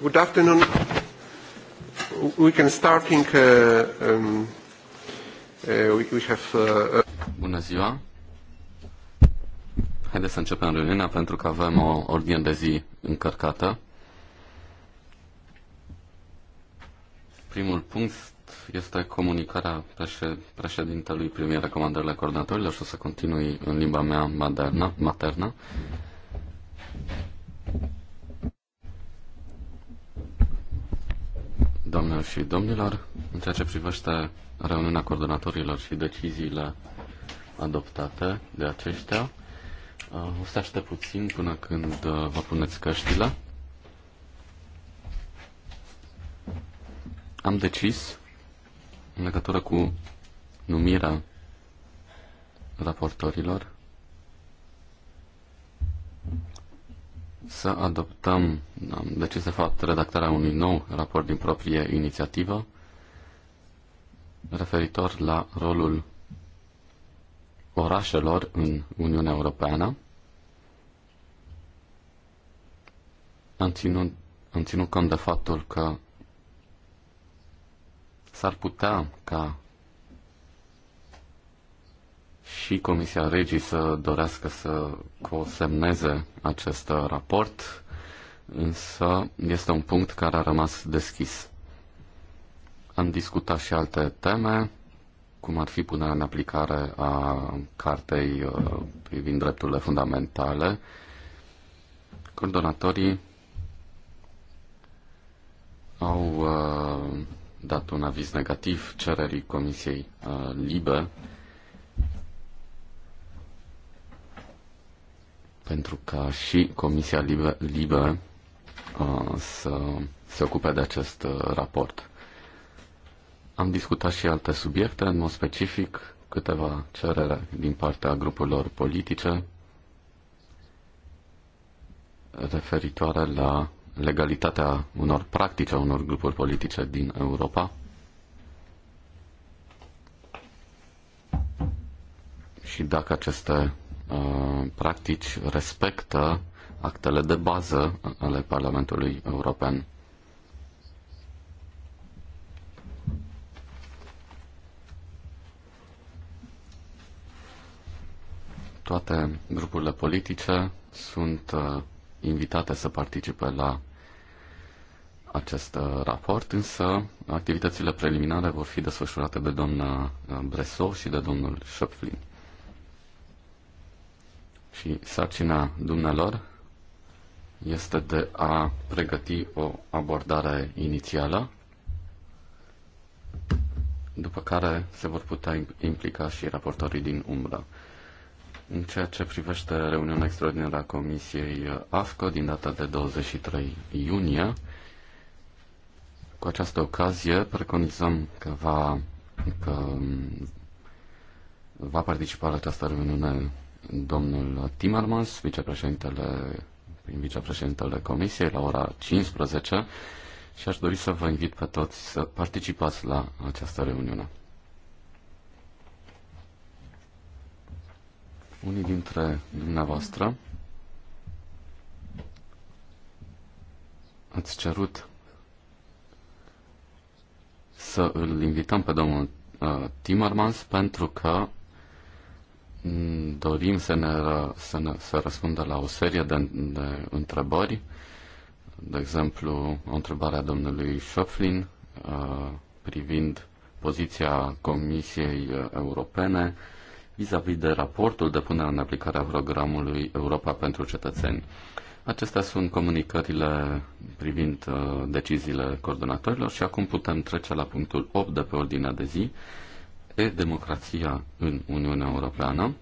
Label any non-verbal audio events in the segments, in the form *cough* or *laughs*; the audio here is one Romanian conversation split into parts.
Good afternoon. We can starting. Uh, um, uh, we, have. Uh, uh, Bună ziua. Haideți să începem reuniunea pentru că avem o ordine de zi încărcată. Primul punct este comunicarea președintelui primii recomandările coordonatorilor și o să continui în limba mea maternă. maternă. Doamnelor și domnilor, în ceea ce privește reuniunea coordonatorilor și deciziile adoptate de aceștia, uh, o să aștept puțin până când uh, vă puneți căștile. Am decis, în legătură cu numirea raportorilor, să adoptăm, am decis de fapt redactarea unui nou raport din proprie inițiativă referitor la rolul orașelor în Uniunea Europeană. Am ținut, am ținut cont de faptul că s-ar putea ca și Comisia Regii să dorească să consemneze acest raport, însă este un punct care a rămas deschis. Am discutat și alte teme, cum ar fi punerea în aplicare a cartei uh, privind drepturile fundamentale. Coordonatorii au uh, dat un aviz negativ cererii Comisiei uh, Libe pentru ca și Comisia liberă uh, să se ocupe de acest uh, raport. Am discutat și alte subiecte, în mod specific câteva cerere din partea grupurilor politice referitoare la legalitatea unor practici a unor grupuri politice din Europa. Și dacă aceste Uh, practici respectă actele de bază ale Parlamentului European. Toate grupurile politice sunt uh, invitate să participe la acest uh, raport, însă activitățile preliminare vor fi desfășurate de doamna Bresov și de domnul Șöpflin și sarcina dumnealor este de a pregăti o abordare inițială, după care se vor putea implica și raportorii din umbră. În ceea ce privește reuniunea extraordinară a Comisiei uh, AFCO din data de 23 iunie, cu această ocazie preconizăm că va, că um, va participa la această reuniune domnul Timmermans, vicepreședintele, prin vicepreședintele Comisiei, la ora 15 și aș dori să vă invit pe toți să participați la această reuniune. Unii dintre dumneavoastră ați cerut să îl invităm pe domnul uh, Timmermans pentru că Mm, dorim să ne, să ne să răspundă la o serie de, de întrebări. De exemplu, o întrebare a domnului Schöpflin uh, privind poziția Comisiei uh, Europene vis-a-vis -vis de raportul de punere în aplicare a programului Europa pentru cetățeni. Acestea sunt comunicările privind uh, deciziile coordonatorilor și acum putem trece la punctul 8 de pe ordinea de zi, pe democrația în Uniunea Europeană.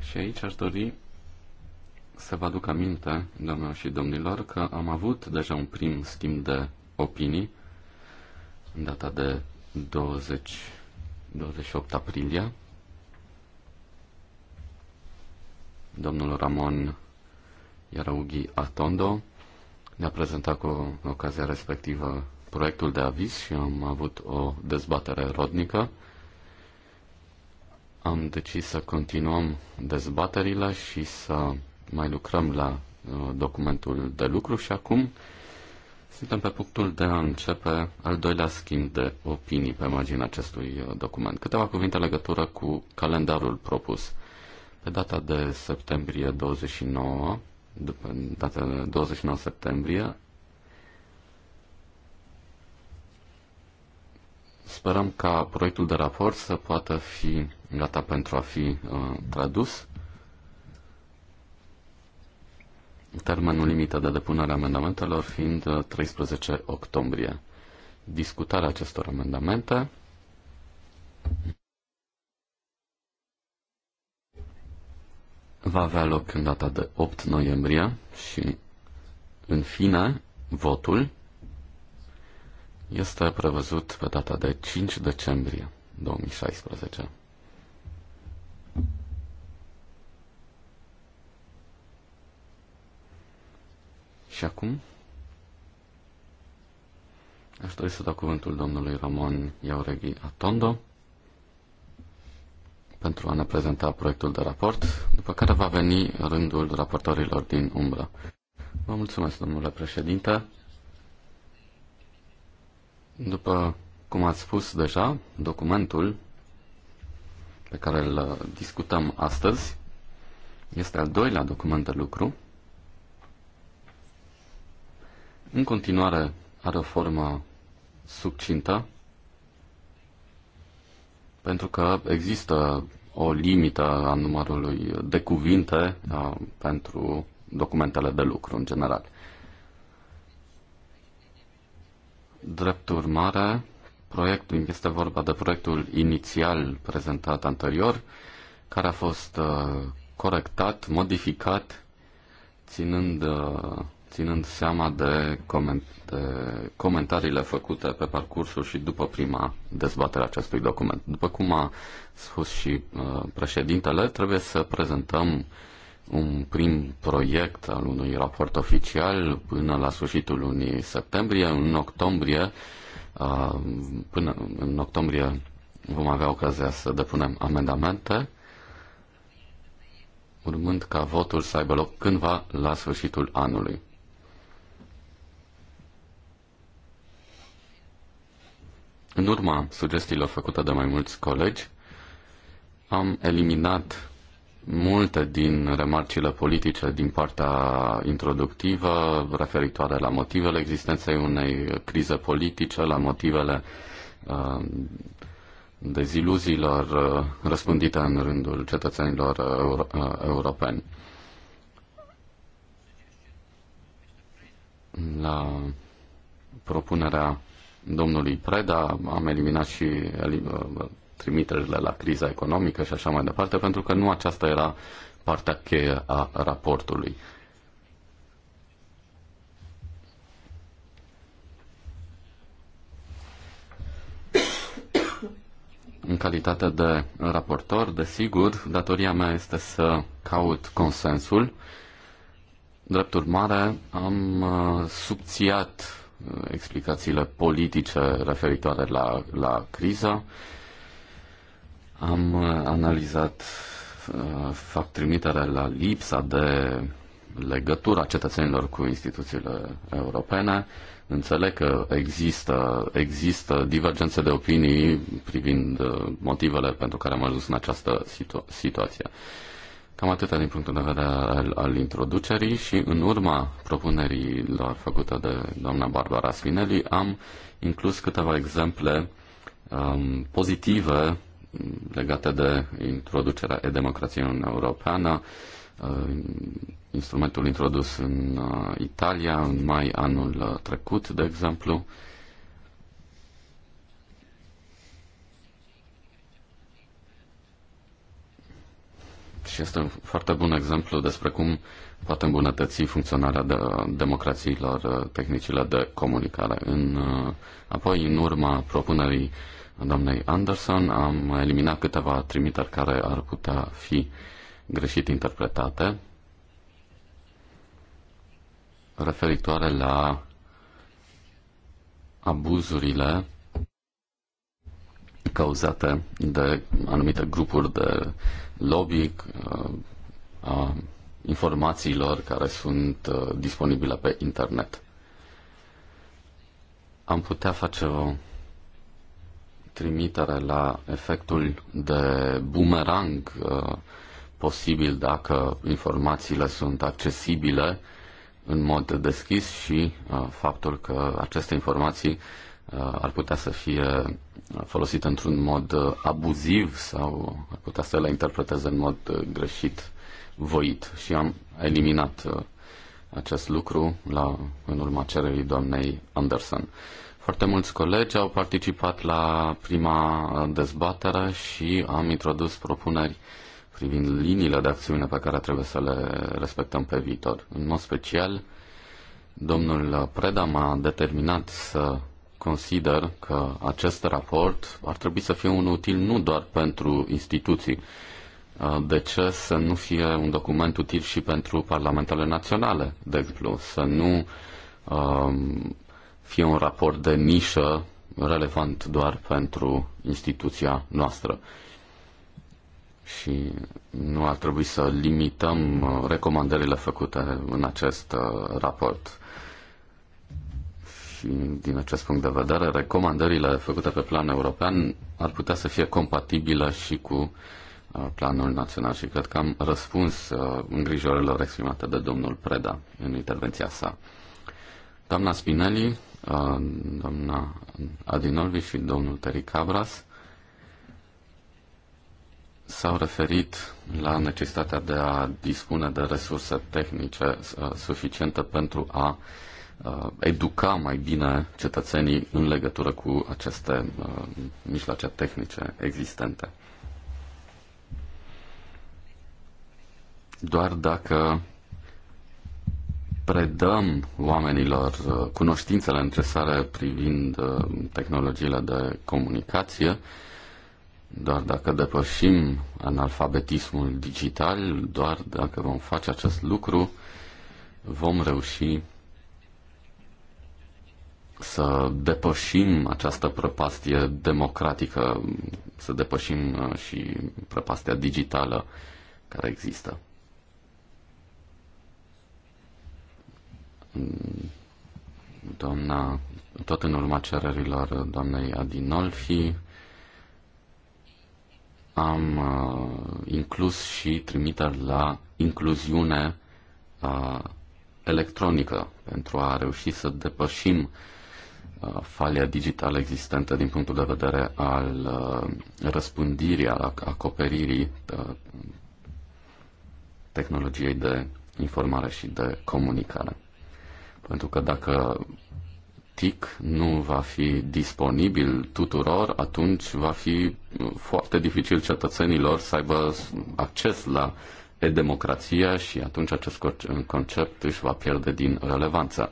Și aici aș dori să vă aduc aminte, doamnelor și domnilor, că am avut deja un prim schimb de opinii în data de 20, 28 aprilie. Domnul Ramon Iaraughi Atondo, ne-a prezentat cu ocazia respectivă proiectul de aviz și am avut o dezbatere rodnică. Am decis să continuăm dezbaterile și să mai lucrăm la uh, documentul de lucru și acum suntem pe punctul de a începe al doilea schimb de opinii pe marginea acestui uh, document. Câteva cuvinte legătură cu calendarul propus. Pe data de septembrie 29 după data 29 septembrie. Sperăm ca proiectul de raport să poată fi gata pentru a fi uh, tradus. Termenul limită de depunere a amendamentelor fiind 13 uh, octombrie. Discutarea acestor amendamente va avea loc în data de 8 noiembrie și, în fine, votul este prevăzut pe data de 5 decembrie 2016. Și acum aș dori să dau cuvântul domnului Ramon Iaureghi Atondo, pentru a ne prezenta proiectul de raport, după care va veni rândul raportorilor din umbră. Vă mulțumesc, domnule președinte. După cum ați spus deja, documentul pe care îl discutăm astăzi este al doilea document de lucru. În continuare are o formă succintă, pentru că există o limită a numărului de cuvinte a, pentru documentele de lucru în general. Drept urmare, proiectul, este vorba de proiectul inițial prezentat anterior, care a fost uh, corectat, modificat, ținând uh, ținând seama de, coment- de comentariile făcute pe parcursul și după prima dezbatere acestui document. După cum a spus și uh, președintele, trebuie să prezentăm un prim proiect al unui raport oficial până la sfârșitul lunii septembrie. În octombrie, uh, până în octombrie vom avea ocazia să depunem amendamente urmând ca votul să aibă loc cândva la sfârșitul anului. În urma sugestiilor făcute de mai mulți colegi, am eliminat multe din remarcile politice din partea introductivă referitoare la motivele existenței unei crize politice, la motivele uh, deziluziilor uh, răspândite în rândul cetățenilor uh, euro- europeni. La propunerea domnului Preda, am eliminat și trimiterile la criza economică și așa mai departe, pentru că nu aceasta era partea cheie a raportului. În calitate de raportor, desigur, datoria mea este să caut consensul. Drept urmare, am uh, subțiat explicațiile politice referitoare la, la criză. Am uh, analizat, uh, fac trimitere la lipsa de legătura cetățenilor cu instituțiile europene. Înțeleg că există, există divergențe de opinii privind uh, motivele pentru care am ajuns în această situa- situație. Uh, Cam atâta din punctul de vedere al, al introducerii și în urma propunerilor făcute de doamna Barbara Spinelli am inclus câteva exemple um, pozitive mm, legate de introducerea e-democrației în Europeană, uh, instrumentul introdus în uh, Italia în mai anul uh, trecut, de exemplu, și este un foarte bun exemplu despre cum poate îmbunătăți funcționarea de democrațiilor uh, tehnicile de comunicare. În, uh, apoi, în urma propunerii doamnei Anderson, am eliminat câteva trimiteri care ar putea fi greșit interpretate referitoare la abuzurile cauzate de anumite grupuri de lobby uh, a informațiilor care sunt uh, disponibile pe internet. Am putea face o trimitere la efectul de bumerang uh, posibil dacă informațiile sunt accesibile în mod deschis și faptul că aceste informații Uh, ar putea să fie uh, folosit într-un mod uh, abuziv sau ar putea să le interpreteze în mod greșit, voit. Și am eliminat acest lucru la, în urma cererii doamnei Anderson. Foarte mulți colegi au participat la prima dezbatere și am introdus propuneri privind liniile de acțiune pe care trebuie să le respectăm pe viitor. În mod special, domnul Preda m-a determinat să consider că acest raport ar trebui să fie un util nu doar pentru instituții. Uh, de ce să nu fie un document util și pentru parlamentele naționale, de exemplu? Să nu um, fie un raport de nișă relevant doar pentru instituția noastră. Și nu ar trebui să limităm uh, recomandările făcute în acest uh, raport și din acest punct de vedere, recomandările făcute pe plan european ar putea să fie compatibile și cu uh, planul național și cred că am răspuns uh, îngrijorilor exprimate de domnul Preda în intervenția sa. Doamna Spinelli, uh, doamna Adinolvi și domnul Teri Cabras s-au referit la necesitatea de a dispune de resurse tehnice suficiente pentru a uh, Uh, educa mai bine cetățenii în legătură cu aceste uh, mijloace tehnice existente. Doar dacă predăm oamenilor uh, cunoștințele necesare privind tehnologiile de comunicație, doar dacă depășim analfabetismul digital, doar dacă vom face acest lucru, vom reuși să depășim această prăpastie democratică, să depășim uh, și prăpastia digitală care există. Doamna, tot în urma cererilor doamnei Adinolfi, am uh, inclus și trimiteri la incluziune uh, electronică pentru a reuși să depășim uh, Uh, falia digitală existentă din punctul de vedere al uh, răspândirii, al acoperirii uh, tehnologiei de informare și de comunicare. Pentru că dacă TIC nu va fi disponibil tuturor, atunci va fi foarte dificil cetățenilor să aibă acces la e democrația și atunci acest concept își va pierde din relevanță.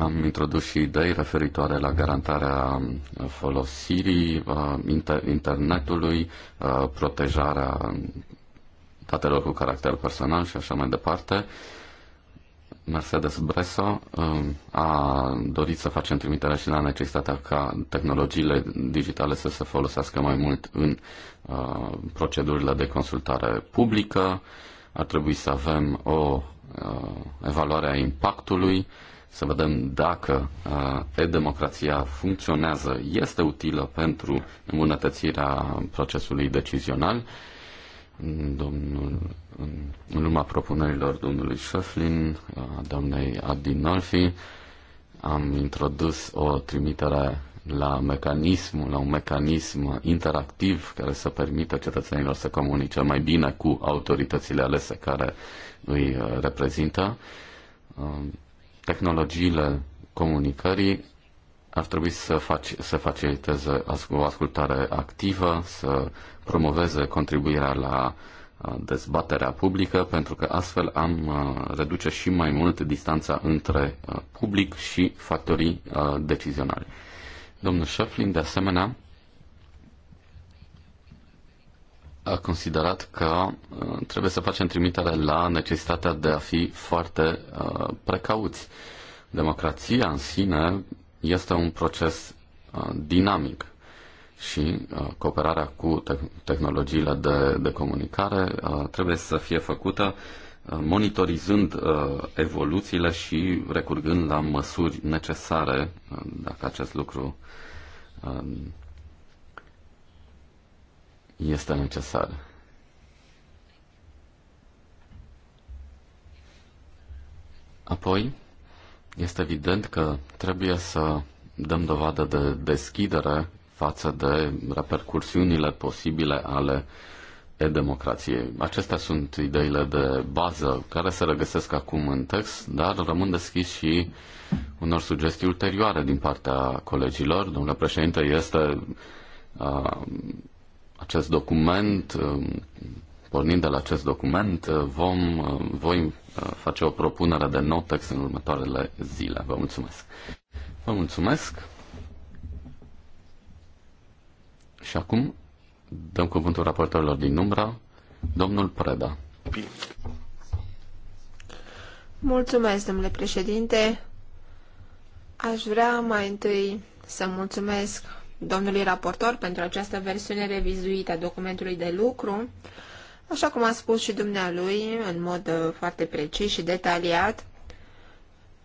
Am introdus și idei referitoare la garantarea folosirii uh, internetului, uh, protejarea datelor cu caracter personal și așa mai departe. Mercedes Bresso uh, a dorit să facem trimiterea și la necesitatea ca tehnologiile digitale să se folosească mai mult în procedurile de consultare publică. Ar trebui să avem o evaluare a impactului să vedem dacă uh, e-democrația funcționează, este utilă pentru îmbunătățirea procesului decizional. Domnul, în urma propunerilor domnului Șeflin, uh, doamnei Adinolfi, am introdus o trimitere la mecanism, la un mecanism interactiv care să permită cetățenilor să comunice mai bine cu autoritățile alese care îi uh, reprezintă. Um, tehnologiile comunicării ar trebui să, faci, să faciliteze o ascultare activă, să promoveze contribuirea la uh, dezbaterea publică, pentru că astfel am uh, reduce și mai mult distanța între uh, public și factorii decizionali. Domnul Șeflin, de asemenea, a considerat că uh, trebuie să facem trimitere la necesitatea de a fi foarte uh, precauți. Democrația în sine este un proces uh, dinamic și cooperarea cu tehnologiile de, de comunicare trebuie să fie făcută monitorizând evoluțiile și recurgând la măsuri necesare dacă acest lucru este necesară. Apoi, este evident că trebuie să dăm dovadă de deschidere față de repercursiunile posibile ale e-democrației. Acestea sunt ideile de bază care se regăsesc acum în text, dar rămân deschis și unor sugestii ulterioare din partea colegilor. Domnule președinte, este uh, acest document, um, pornind de la acest document, uh, vom, uh, voi uh, face o propunere de notex în următoarele zile. Vă mulțumesc. Vă mulțumesc. Și acum dăm cuvântul raportorilor din umbra, domnul Preda. Mulțumesc, domnule președinte. Aș vrea mai întâi să mulțumesc domnului raportor pentru această versiune revizuită a documentului de lucru. Așa cum a spus și dumnealui, în mod uh, foarte precis și detaliat,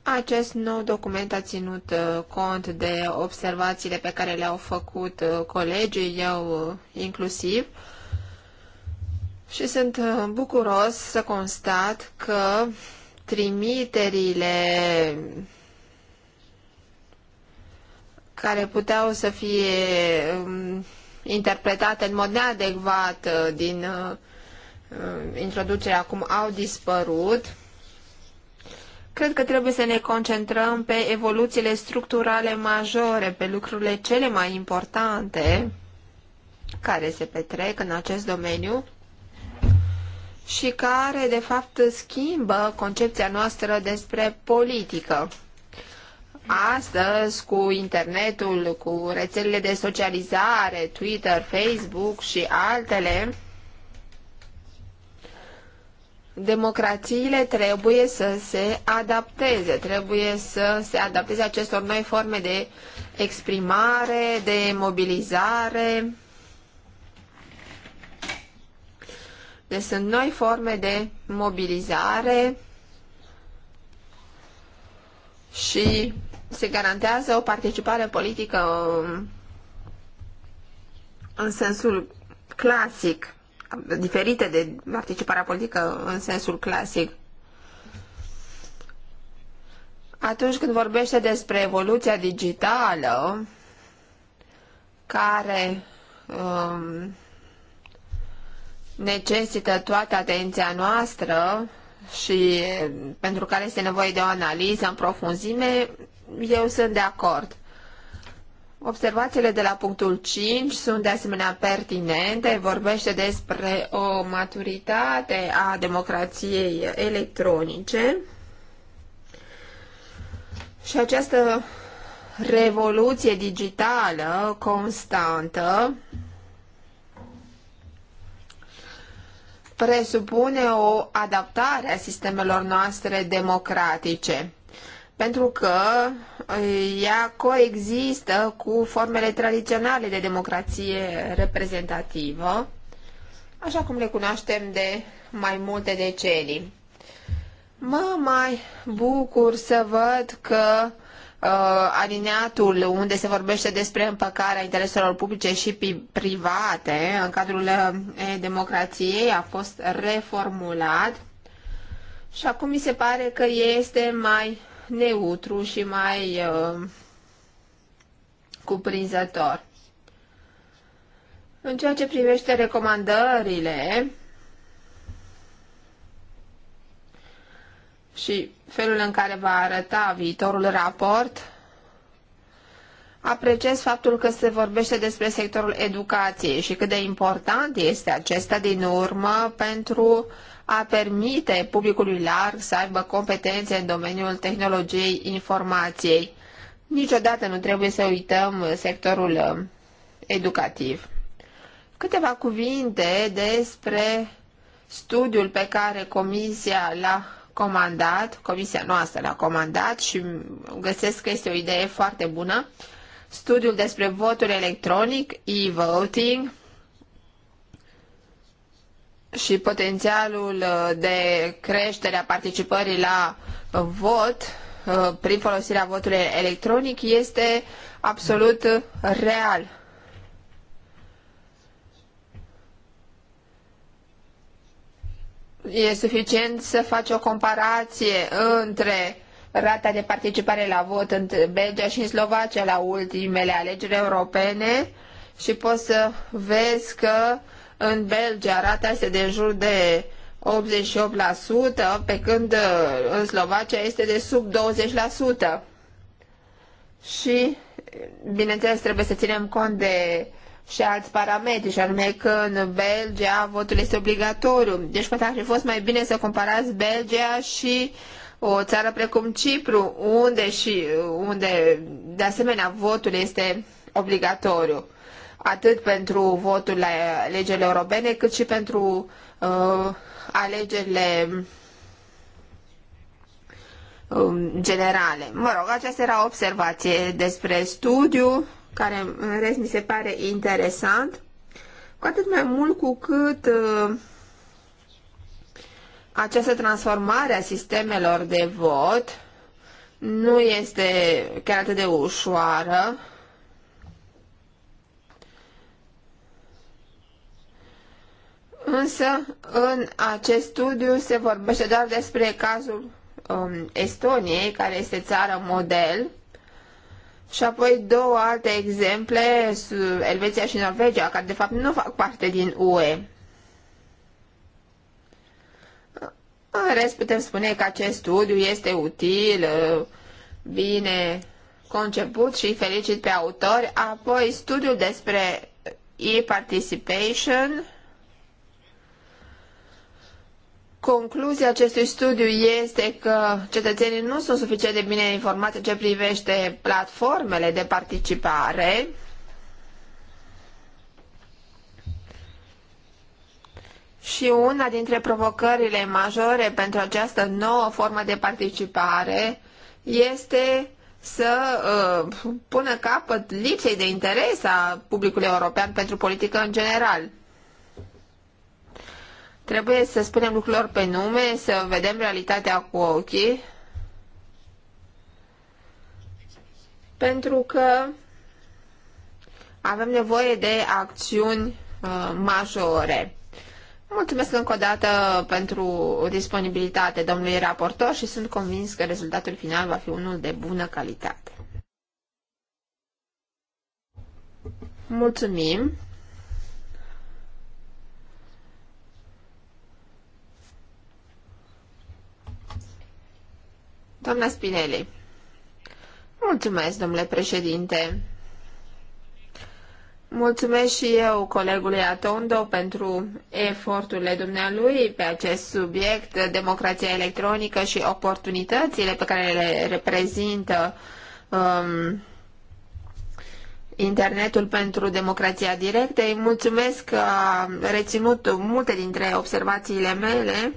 acest nou document a ținut uh, cont de observațiile pe care le-au făcut uh, colegii, eu inclusiv, și sunt bucuros să constat că trimiterile care puteau să fie um, interpretate în mod neadecvat uh, din uh, uh, introducerea acum au dispărut. Cred că trebuie să ne concentrăm pe evoluțiile structurale majore, pe lucrurile cele mai importante care se petrec în acest domeniu și care, de fapt, schimbă concepția noastră despre politică. Astăzi, cu internetul, cu rețelele de socializare, Twitter, Facebook și altele, democrațiile trebuie să se adapteze, trebuie să se adapteze acestor noi forme de exprimare, de mobilizare. Deci sunt noi forme de mobilizare și se garantează o participare politică um, în sensul clasic, diferită de participarea politică în sensul clasic. Atunci când vorbește despre evoluția digitală, care um, necesită toată atenția noastră și pentru care este nevoie de o analiză în profunzime, eu sunt de acord. Observațiile de la punctul 5 sunt de asemenea pertinente, vorbește despre o maturitate a democrației electronice și această revoluție digitală constantă presupune o adaptare a sistemelor noastre democratice pentru că ea coexistă cu formele tradiționale de democrație reprezentativă, așa cum le cunoaștem de mai multe decenii. Mă mai bucur să văd că uh, alineatul unde se vorbește despre împăcarea intereselor publice și private în cadrul uh, democrației a fost reformulat și acum mi se pare că este mai neutru și mai uh, cuprinzător. În ceea ce privește recomandările și felul în care va arăta viitorul raport, apreciez faptul că se vorbește despre sectorul educației și cât de important este acesta din urmă pentru uh, a permite publicului larg să aibă competențe în domeniul tehnologiei informației. Niciodată nu trebuie să uităm sectorul um, educativ. Câteva cuvinte despre studiul pe care Comisia l-a comandat, Comisia noastră l-a comandat și găsesc că este o idee foarte bună, studiul despre votul electronic, e-voting, și potențialul uh, de creștere a participării la uh, vot uh, prin folosirea votului electronic este absolut real. E suficient să faci o comparație între rata de participare la vot în Belgia și în Slovacia la ultimele alegeri europene și poți să vezi că uh, în Belgia rata este de jur de 88%, pe când uh, în Slovacia este de sub 20%. Și, bineînțeles, trebuie să ținem cont de și alți parametri, și anume că în Belgia votul este obligatoriu. Deci poate ar fi fost mai bine să comparați Belgia și o țară precum Cipru, unde, și, unde de asemenea votul este obligatoriu atât pentru votul la alegerile europene, cât și pentru uh, alegerile uh, generale. Mă rog, aceasta era o observație despre studiu, care în rest mi se pare interesant, cu atât mai mult cu cât uh, această transformare a sistemelor de vot nu este chiar atât de ușoară, Însă, în acest studiu se vorbește doar despre cazul um, Estoniei, care este țară model, și apoi două alte exemple, Elveția și Norvegia, care de fapt nu fac parte din UE. În rest, putem spune că acest studiu este util, uh, bine conceput și felicit pe autori. Apoi, studiul despre e-participation Concluzia acestui studiu este că cetățenii nu sunt suficient de bine informați în ce privește platformele de participare. Și una dintre provocările majore pentru această nouă formă de participare este să uh, pună capăt lipsei de interes a publicului european pentru politică în general. Trebuie să spunem lucrurilor pe nume, să vedem realitatea cu ochii, pentru că avem nevoie de acțiuni uh, majore. Mulțumesc încă o dată pentru disponibilitate, domnului raportor, și sunt convins că rezultatul final va fi unul de bună calitate. Mulțumim! Doamna Spinelli. Mulțumesc, domnule președinte. Mulțumesc și eu colegului Atondo pentru eforturile dumnealui pe acest subiect, democrația electronică și oportunitățile pe care le reprezintă um, internetul pentru democrația directă. Îi mulțumesc că a reținut multe dintre observațiile mele,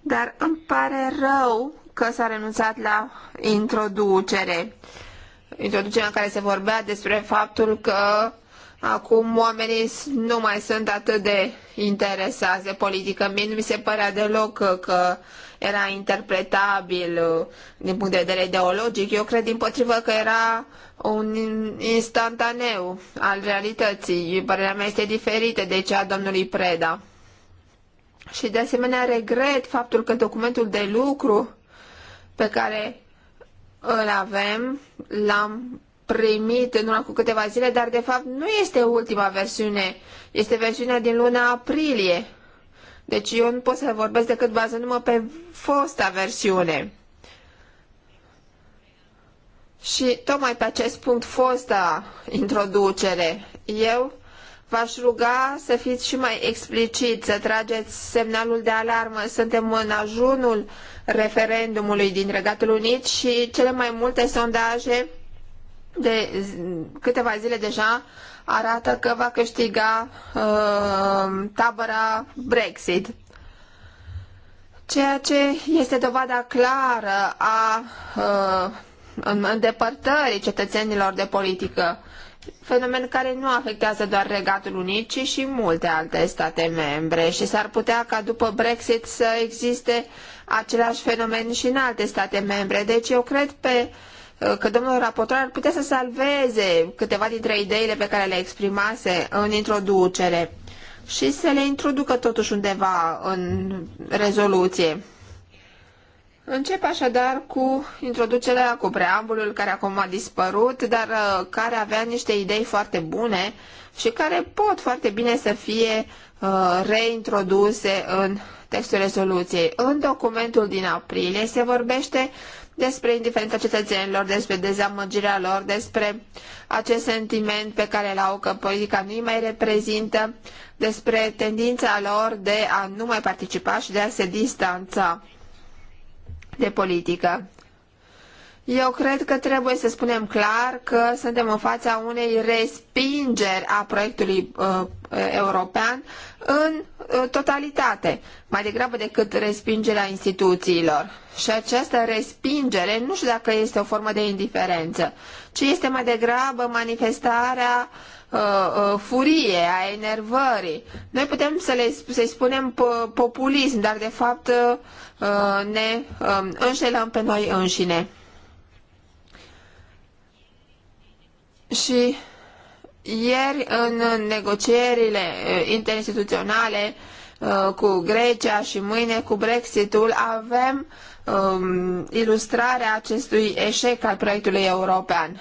dar îmi pare rău că s-a renunțat la introducere. Introducerea în care se vorbea despre faptul că acum oamenii nu mai sunt atât de interesați de politică. Mie nu mi se părea deloc că, că era interpretabil uh, din punct de vedere ideologic. Eu cred din potrivă că era un instantaneu al realității. Părerea mea este diferită de cea a domnului Preda. Și de asemenea regret faptul că documentul de lucru pe care îl avem, l-am primit în urmă cu câteva zile, dar de fapt nu este ultima versiune, este versiunea din luna aprilie. Deci eu nu pot să vorbesc decât bazându-mă pe fosta versiune. Și tocmai pe acest punct fosta introducere, eu V-aș ruga să fiți și mai explicit, să trageți semnalul de alarmă. Suntem în ajunul referendumului din Regatul Unit și cele mai multe sondaje de câteva zile deja arată că va câștiga uh, tabăra Brexit. Ceea ce este dovada clară a uh, îndepărtării cetățenilor de politică fenomen care nu afectează doar Regatul Unit, ci și multe alte state membre și s-ar putea ca după Brexit să existe același fenomen și în alte state membre. Deci eu cred pe, că domnul raportor ar putea să salveze câteva dintre ideile pe care le exprimase în introducere și să le introducă totuși undeva în rezoluție. Încep așadar cu introducerea, cu preambulul care acum a dispărut, dar uh, care avea niște idei foarte bune și care pot foarte bine să fie uh, reintroduse în textul rezoluției. În documentul din aprilie se vorbește despre indiferența cetățenilor, despre dezamăgirea lor, despre acest sentiment pe care îl au că politica nu îi mai reprezintă, despre tendința lor de a nu mai participa și de a se distanța de politică. Eu cred că trebuie să spunem clar că suntem în fața unei respingeri a proiectului uh, european în uh, totalitate, mai degrabă decât respingerea instituțiilor. Și această respingere nu știu dacă este o formă de indiferență, ci este mai degrabă manifestarea uh, Uh, uh, furie, a enervării. Noi putem să le, să spunem populism, dar de fapt uh, uh ne uh, înșelăm pe noi înșine. Și ieri în negocierile uh, interinstituționale cu Grecia și mâine cu Brexitul avem um, ilustrarea acestui eșec al proiectului european.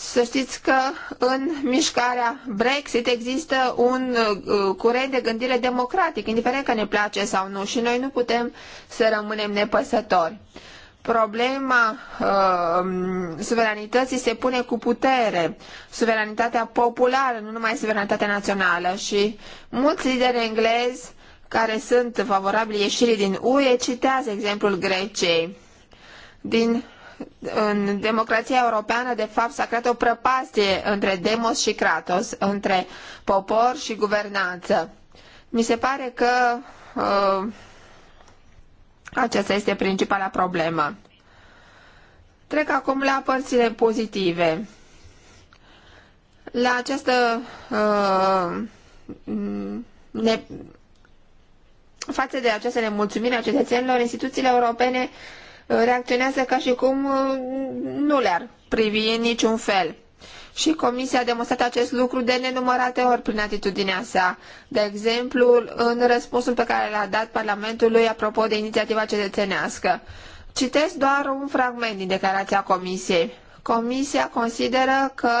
Să știți că în mișcarea Brexit există un uh, curent de gândire democratic, indiferent că ne place sau nu, și noi nu putem să rămânem nepăsători. Problema uh, suveranității se pune cu putere, suveranitatea populară, nu numai suveranitatea națională și mulți lideri englezi care sunt favorabili ieșirii din UE citează exemplul Greciei. Din în democrația europeană, de fapt, s-a creat o prăpastie între demos și kratos, între popor și guvernanță. Mi se pare că uh, aceasta este principala problemă. Trec acum la părțile pozitive. La această uh, ne, față de această nemulțumire a cetățenilor, instituțiile europene reacționează ca și cum uh, nu le-ar privi în niciun fel. Și Comisia a demonstrat acest lucru de nenumărate ori prin atitudinea sa. De exemplu, în răspunsul pe care l-a dat Parlamentului apropo de inițiativa cetățenească. Citesc doar un fragment din declarația Comisiei. Comisia consideră că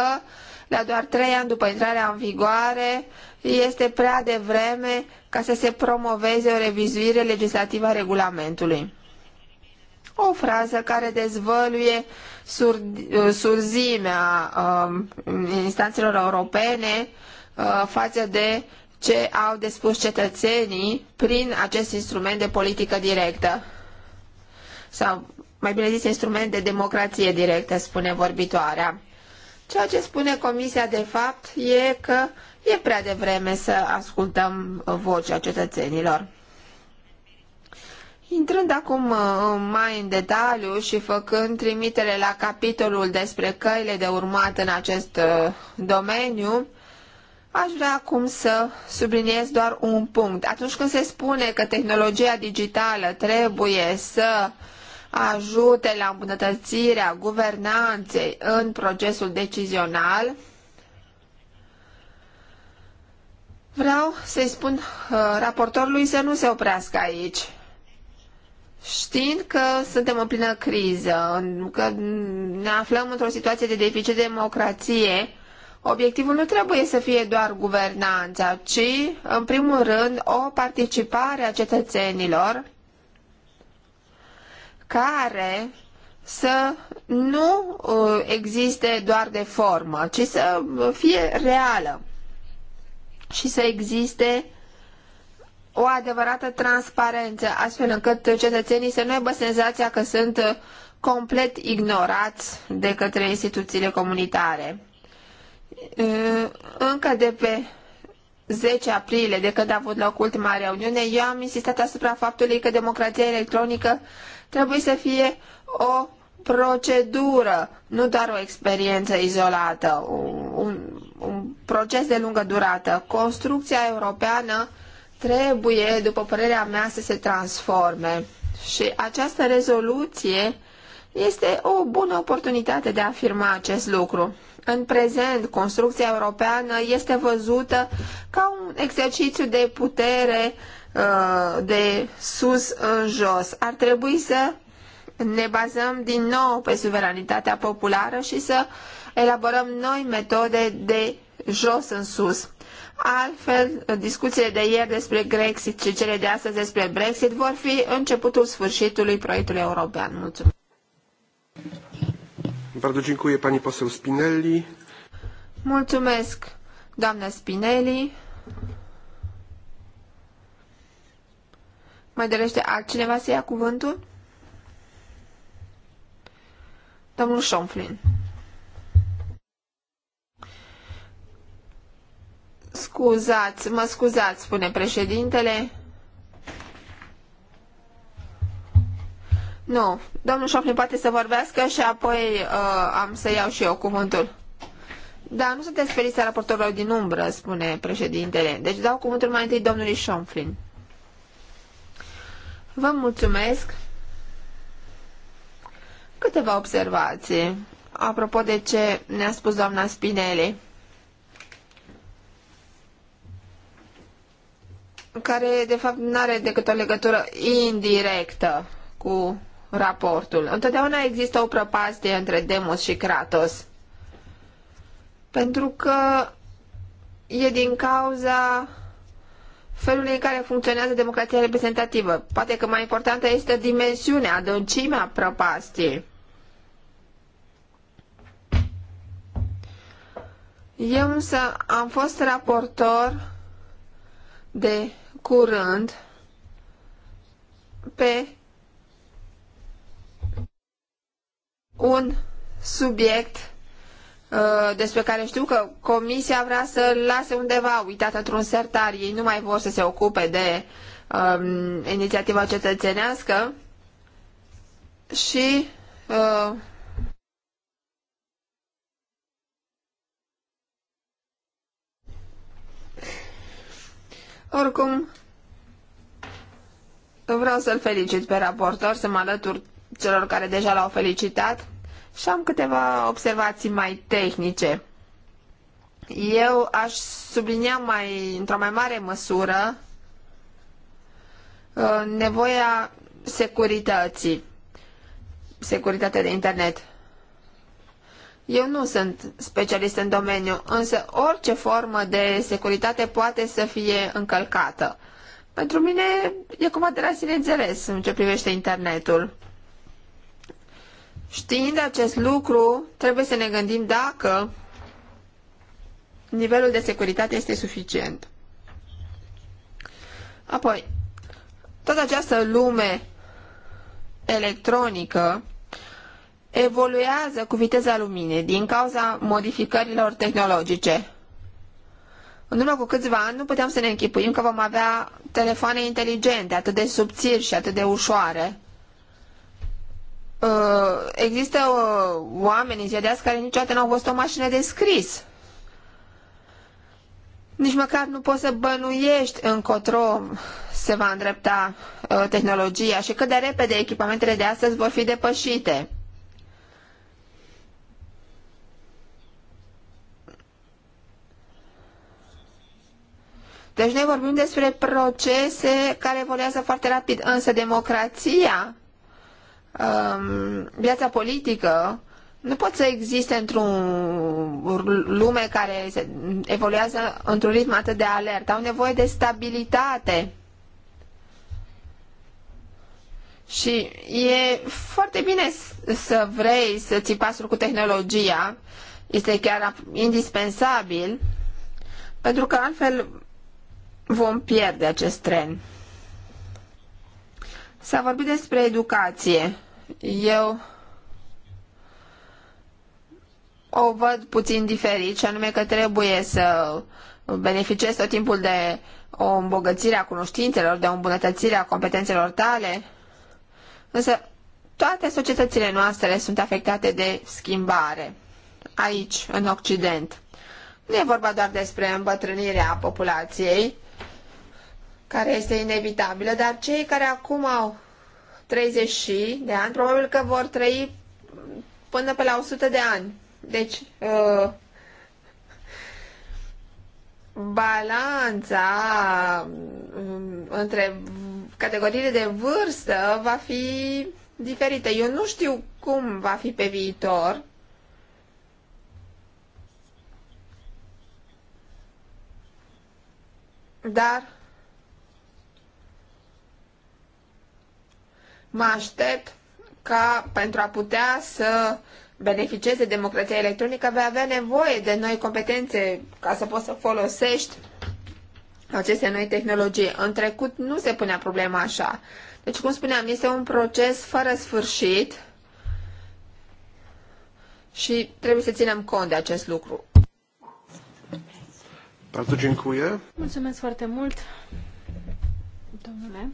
la doar trei ani după intrarea în vigoare, este prea devreme ca să se promoveze o revizuire legislativă a regulamentului o frază care dezvăluie sur, uh, surzimea uh, instanțelor europene uh, față de ce au de spus cetățenii prin acest instrument de politică directă. Sau, mai bine zis, instrument de democrație directă, spune vorbitoarea. Ceea ce spune Comisia, de fapt, e că e prea devreme să ascultăm vocea cetățenilor. Intrând acum uh, mai în detaliu și făcând trimitere la capitolul despre căile de urmat în acest uh, domeniu, aș vrea acum să subliniez doar un punct. Atunci când se spune că tehnologia digitală trebuie să ajute la îmbunătățirea guvernanței în procesul decizional, vreau să-i spun uh, raportorului să nu se oprească aici știind că suntem în plină criză, că ne aflăm într-o situație de deficit de democrație, obiectivul nu trebuie să fie doar guvernanța, ci, în primul rând, o participare a cetățenilor care să nu uh, existe doar de formă, ci să fie reală și să existe o adevărată transparență, astfel încât cetățenii să nu aibă senzația că sunt uh, complet ignorați de către instituțiile comunitare. Uh, încă de pe 10 aprilie, de când a avut loc ultima reuniune, eu am insistat asupra faptului că democrația electronică trebuie să fie o procedură, nu doar o experiență izolată, un, un, un proces de lungă durată. Construcția europeană trebuie, după părerea mea, să se transforme. Și această rezoluție este o bună oportunitate de a afirma acest lucru. În prezent, construcția europeană este văzută ca un exercițiu de putere uh, de sus în jos. Ar trebui să ne bazăm din nou pe suveranitatea populară și să elaborăm noi metode de jos în sus. Altfel, discuțiile de ieri despre Brexit și cele de astăzi despre Brexit vor fi începutul sfârșitului proiectului european. Mulțumesc. Bardzo dziękuję pani poseł Spinelli. Mulțumesc, doamna Spinelli. Mai dorește altcineva să ia cuvântul? Domnul Șomflin. Scuzați, mă scuzați, spune președintele. Nu, domnul Șoflin poate să vorbească și apoi uh, am să iau și eu cuvântul. Da, nu sunteți feriți a raportorilor din umbră, spune președintele. Deci dau cuvântul mai întâi domnului Șomflin. Vă mulțumesc. Câteva observații. Apropo de ce ne-a spus doamna Spinelli. care de fapt nu are decât o legătură indirectă cu raportul. Întotdeauna există o prăpastie între Demos și Kratos. Pentru că e din cauza felului în care funcționează democrația reprezentativă. Poate că mai importantă este dimensiunea, adâncimea prăpastiei. Eu însă am fost raportor de curând pe un subiect uh, despre care știu că comisia vrea să-l lase undeva uitat într-un sertar. Ei nu mai vor să se ocupe de um, inițiativa cetățenească și uh, Oricum, vreau să-l felicit pe raportor, să mă alătur celor care deja l-au felicitat și am câteva observații mai tehnice. Eu aș sublinia mai, într-o mai mare măsură uh, nevoia securității, securitatea de internet. Eu nu sunt specialist în domeniu, însă orice formă de securitate poate să fie încălcată. Pentru mine e cumva de la sine înțeles în ce privește internetul. Știind acest lucru, trebuie să ne gândim dacă nivelul de securitate este suficient. Apoi, toată această lume electronică evoluează cu viteza luminii din cauza modificărilor tehnologice. În urmă cu câțiva ani nu puteam să ne închipuim că vom avea telefoane inteligente, atât de subțiri și atât de ușoare. Uh, există uh, oameni în ziua de azi care niciodată n-au văzut o mașină de scris. Nici măcar nu poți să bănuiești încotro se va îndrepta uh, tehnologia și cât de repede echipamentele de astăzi vor fi depășite. Deci noi vorbim despre procese care evoluează foarte rapid, însă democrația, um, viața politică, nu pot să existe într-un lume care evoluează într-un ritm atât de alert. Au nevoie de stabilitate. Și e foarte bine să vrei să ți pasul cu tehnologia, este chiar indispensabil, pentru că altfel vom pierde acest tren. S-a vorbit despre educație. Eu o văd puțin diferit, și anume că trebuie să beneficiez tot timpul de o îmbogățire a cunoștințelor, de o îmbunătățire a competențelor tale. Însă toate societățile noastre sunt afectate de schimbare, aici, în Occident. Nu e vorba doar despre îmbătrânirea populației, care este inevitabilă, dar cei care acum au 30 de ani, probabil că vor trăi până pe la 100 de ani. Deci, uh, balanța um, între categoriile de vârstă va fi diferită. Eu nu știu cum va fi pe viitor. Dar Mă aștept ca pentru a putea să beneficieze democrația electronică vei avea nevoie de noi competențe ca să poți să folosești aceste noi tehnologii. În trecut nu se punea problema așa. Deci, cum spuneam, este un proces fără sfârșit și trebuie să ținem cont de acest lucru. Bardzo Mulțumesc foarte mult, domnule.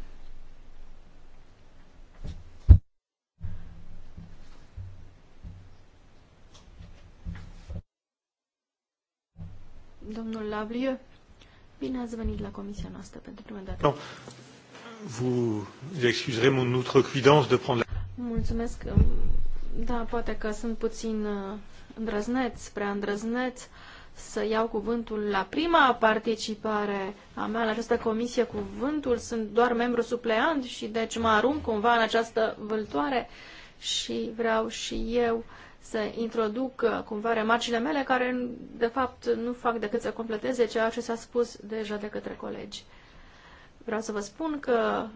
Domnul Lavrie, bine ați venit la comisia noastră pentru prima dată. Vous excuserez mon outrecuidance de prendre la... Mulțumesc. Da, poate că sunt puțin uh, îndrăzneț, prea îndrăzneț să iau cuvântul la prima participare a mea la această comisie cuvântul. Sunt doar membru supleant și deci mă arunc cumva în această vâltoare și vreau și eu să introduc uh, cumva remarcile mele, care de fapt nu fac decât să completeze ceea ce s-a spus deja de către colegi. Vreau să vă spun că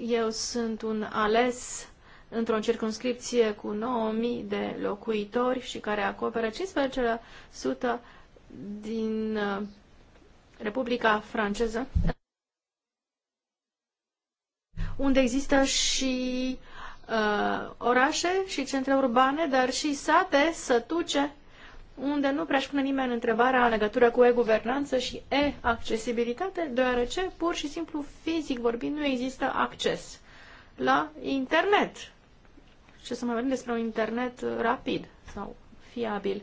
eu sunt un ales într-o circunscripție cu 9000 de locuitori și care acoperă 15% din uh, Republica Franceză, unde există și uh, Uh, orașe și centre urbane, dar și sate, sătuce, unde nu prea-și pune nimeni întrebarea în legătură cu e-guvernanță și e-accesibilitate, deoarece, pur și simplu, fizic vorbind, nu există acces la internet. Ce să mai vorbim despre un internet uh, rapid sau fiabil.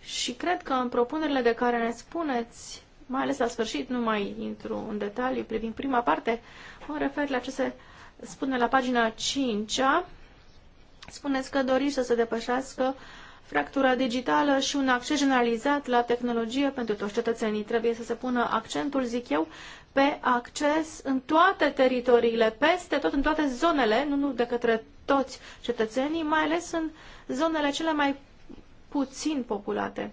Și cred că în propunerile de care ne spuneți, mai ales la sfârșit, nu mai intru în detaliu privind prima parte, mă refer la aceste uh, spune la pagina 5 -a, spuneți că doriți să se depășească fractura digitală și un acces generalizat la tehnologie pentru toți cetățenii. Trebuie să se pună accentul, zic eu, pe acces în toate teritoriile, peste tot, în toate zonele, nu, nu de către toți cetățenii, mai ales în zonele cele mai puțin populate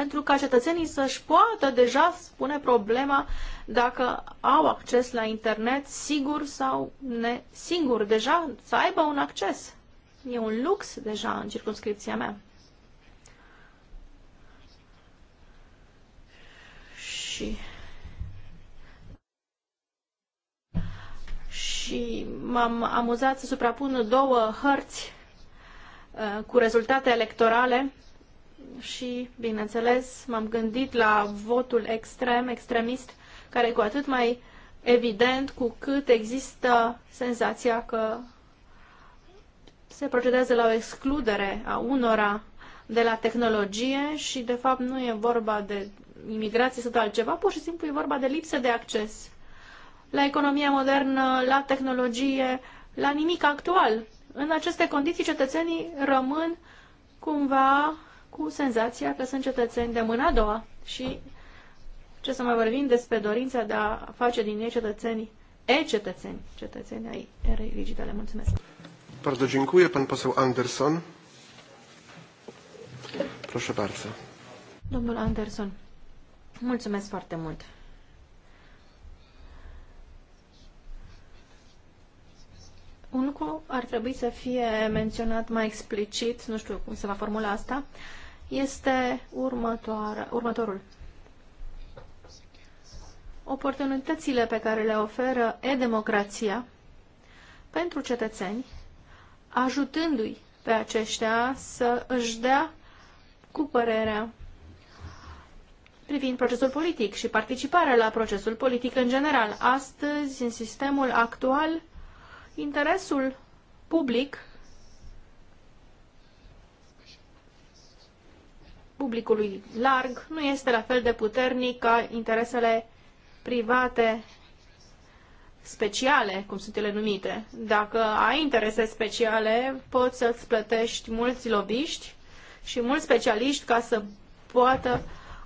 pentru ca cetățenii să-și poată deja spune problema dacă au acces la internet sigur sau nesigur, singur, deja să aibă un acces. E un lux deja în circunscripția mea. Și și m-am amuzat să suprapun două hărți uh, cu rezultate electorale și, bineînțeles, m-am gândit la votul extrem, extremist, care e cu atât mai evident cu cât există senzația că se procedează la o excludere a unora de la tehnologie și, de fapt, nu e vorba de imigrație sau de altceva, pur și simplu e vorba de lipsă de acces la economia modernă, la tehnologie, la nimic actual. În aceste condiții, cetățenii rămân cumva cu senzația că sunt cetățeni de mâna a doua și ce să mai vorbim despre dorința de a face din ei cetățeni, e-cetățeni, cetățeni ai erei digitale. Mulțumesc! Bardzo dziękuję. Pan poseł Anderson. Proszę bardzo. Domnul Anderson, mulțumesc foarte mult. Un lucru ar trebui să fie menționat mai explicit, nu știu cum se va formula asta, este următorul. Oportunitățile pe care le oferă e-democrația pentru cetățeni, ajutându-i pe aceștia să își dea cu părerea privind procesul politic și participarea la procesul politic în general. Astăzi, în sistemul actual, interesul public publicului larg nu este la fel de puternic ca interesele private speciale, cum sunt ele numite. Dacă ai interese speciale, poți să-ți plătești mulți lobiști și mulți specialiști ca să poată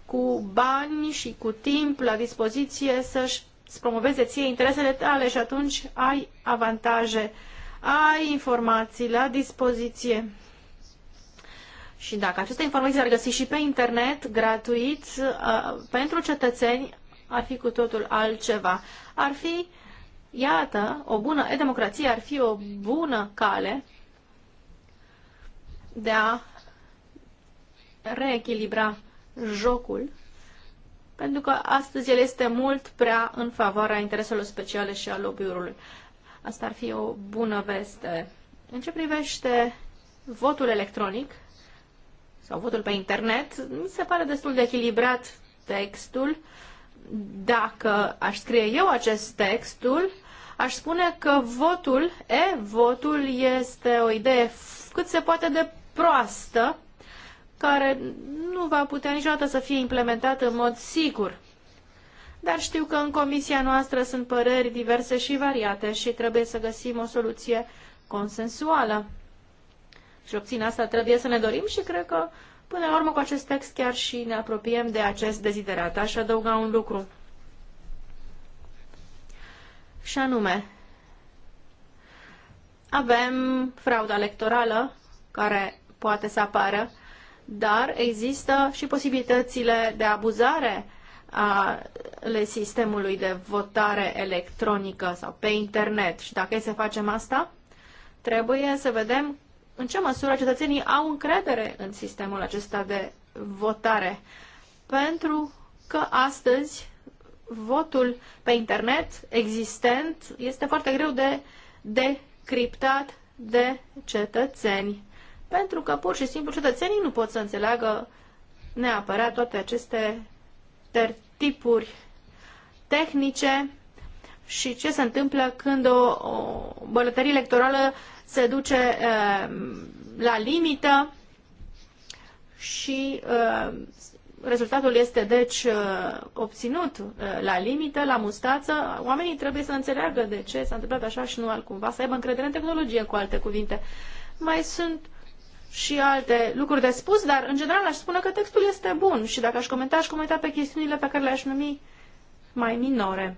cu bani și cu timp la dispoziție să-și îți promoveze ție interesele tale și atunci ai avantaje, ai informații la dispoziție. Și dacă aceste informații ar găsi și pe internet, gratuit, uh, pentru cetățeni, ar fi cu totul altceva. Ar fi, iată, o bună, e democrație ar fi o bună cale de a reechilibra jocul pentru că astăzi el este mult prea în favoarea intereselor speciale și a lobby-ului. Asta ar fi o bună veste. În ce privește votul electronic sau votul pe internet, mi se pare destul de echilibrat textul. Dacă aș scrie eu acest textul, aș spune că votul, e-votul, este o idee cât se poate de proastă, care nu va putea niciodată să fie implementat în mod sigur. Dar știu că în comisia noastră sunt păreri diverse și variate și trebuie să găsim o soluție consensuală. Și obțin asta trebuie să ne dorim și cred că până la urmă cu acest text chiar și ne apropiem de acest deziderat. Aș adăuga un lucru. Și anume, avem frauda electorală care poate să apară dar există și posibilitățile de abuzare ale sistemului de votare electronică sau pe internet. Și dacă e să facem asta, trebuie să vedem în ce măsură cetățenii au încredere în sistemul acesta de votare. Pentru că astăzi votul pe internet existent este foarte greu de decriptat de cetățeni pentru că pur și simplu cetățenii nu pot să înțeleagă neapărat toate aceste tipuri tehnice și ce se întâmplă când o, o bălătărie electorală se duce e, ehm, la limită și e, ehm, rezultatul este deci eh, obținut eh, la limită, la mustață, oamenii trebuie să înțeleagă de ce s-a întâmplat așa și nu altcumva, să aibă încredere în tehnologie, cu alte cuvinte. Mai sunt și alte lucruri de spus, dar în general aș spune că textul este bun și dacă aș comenta, aș comenta pe chestiunile pe care le-aș numi mai minore.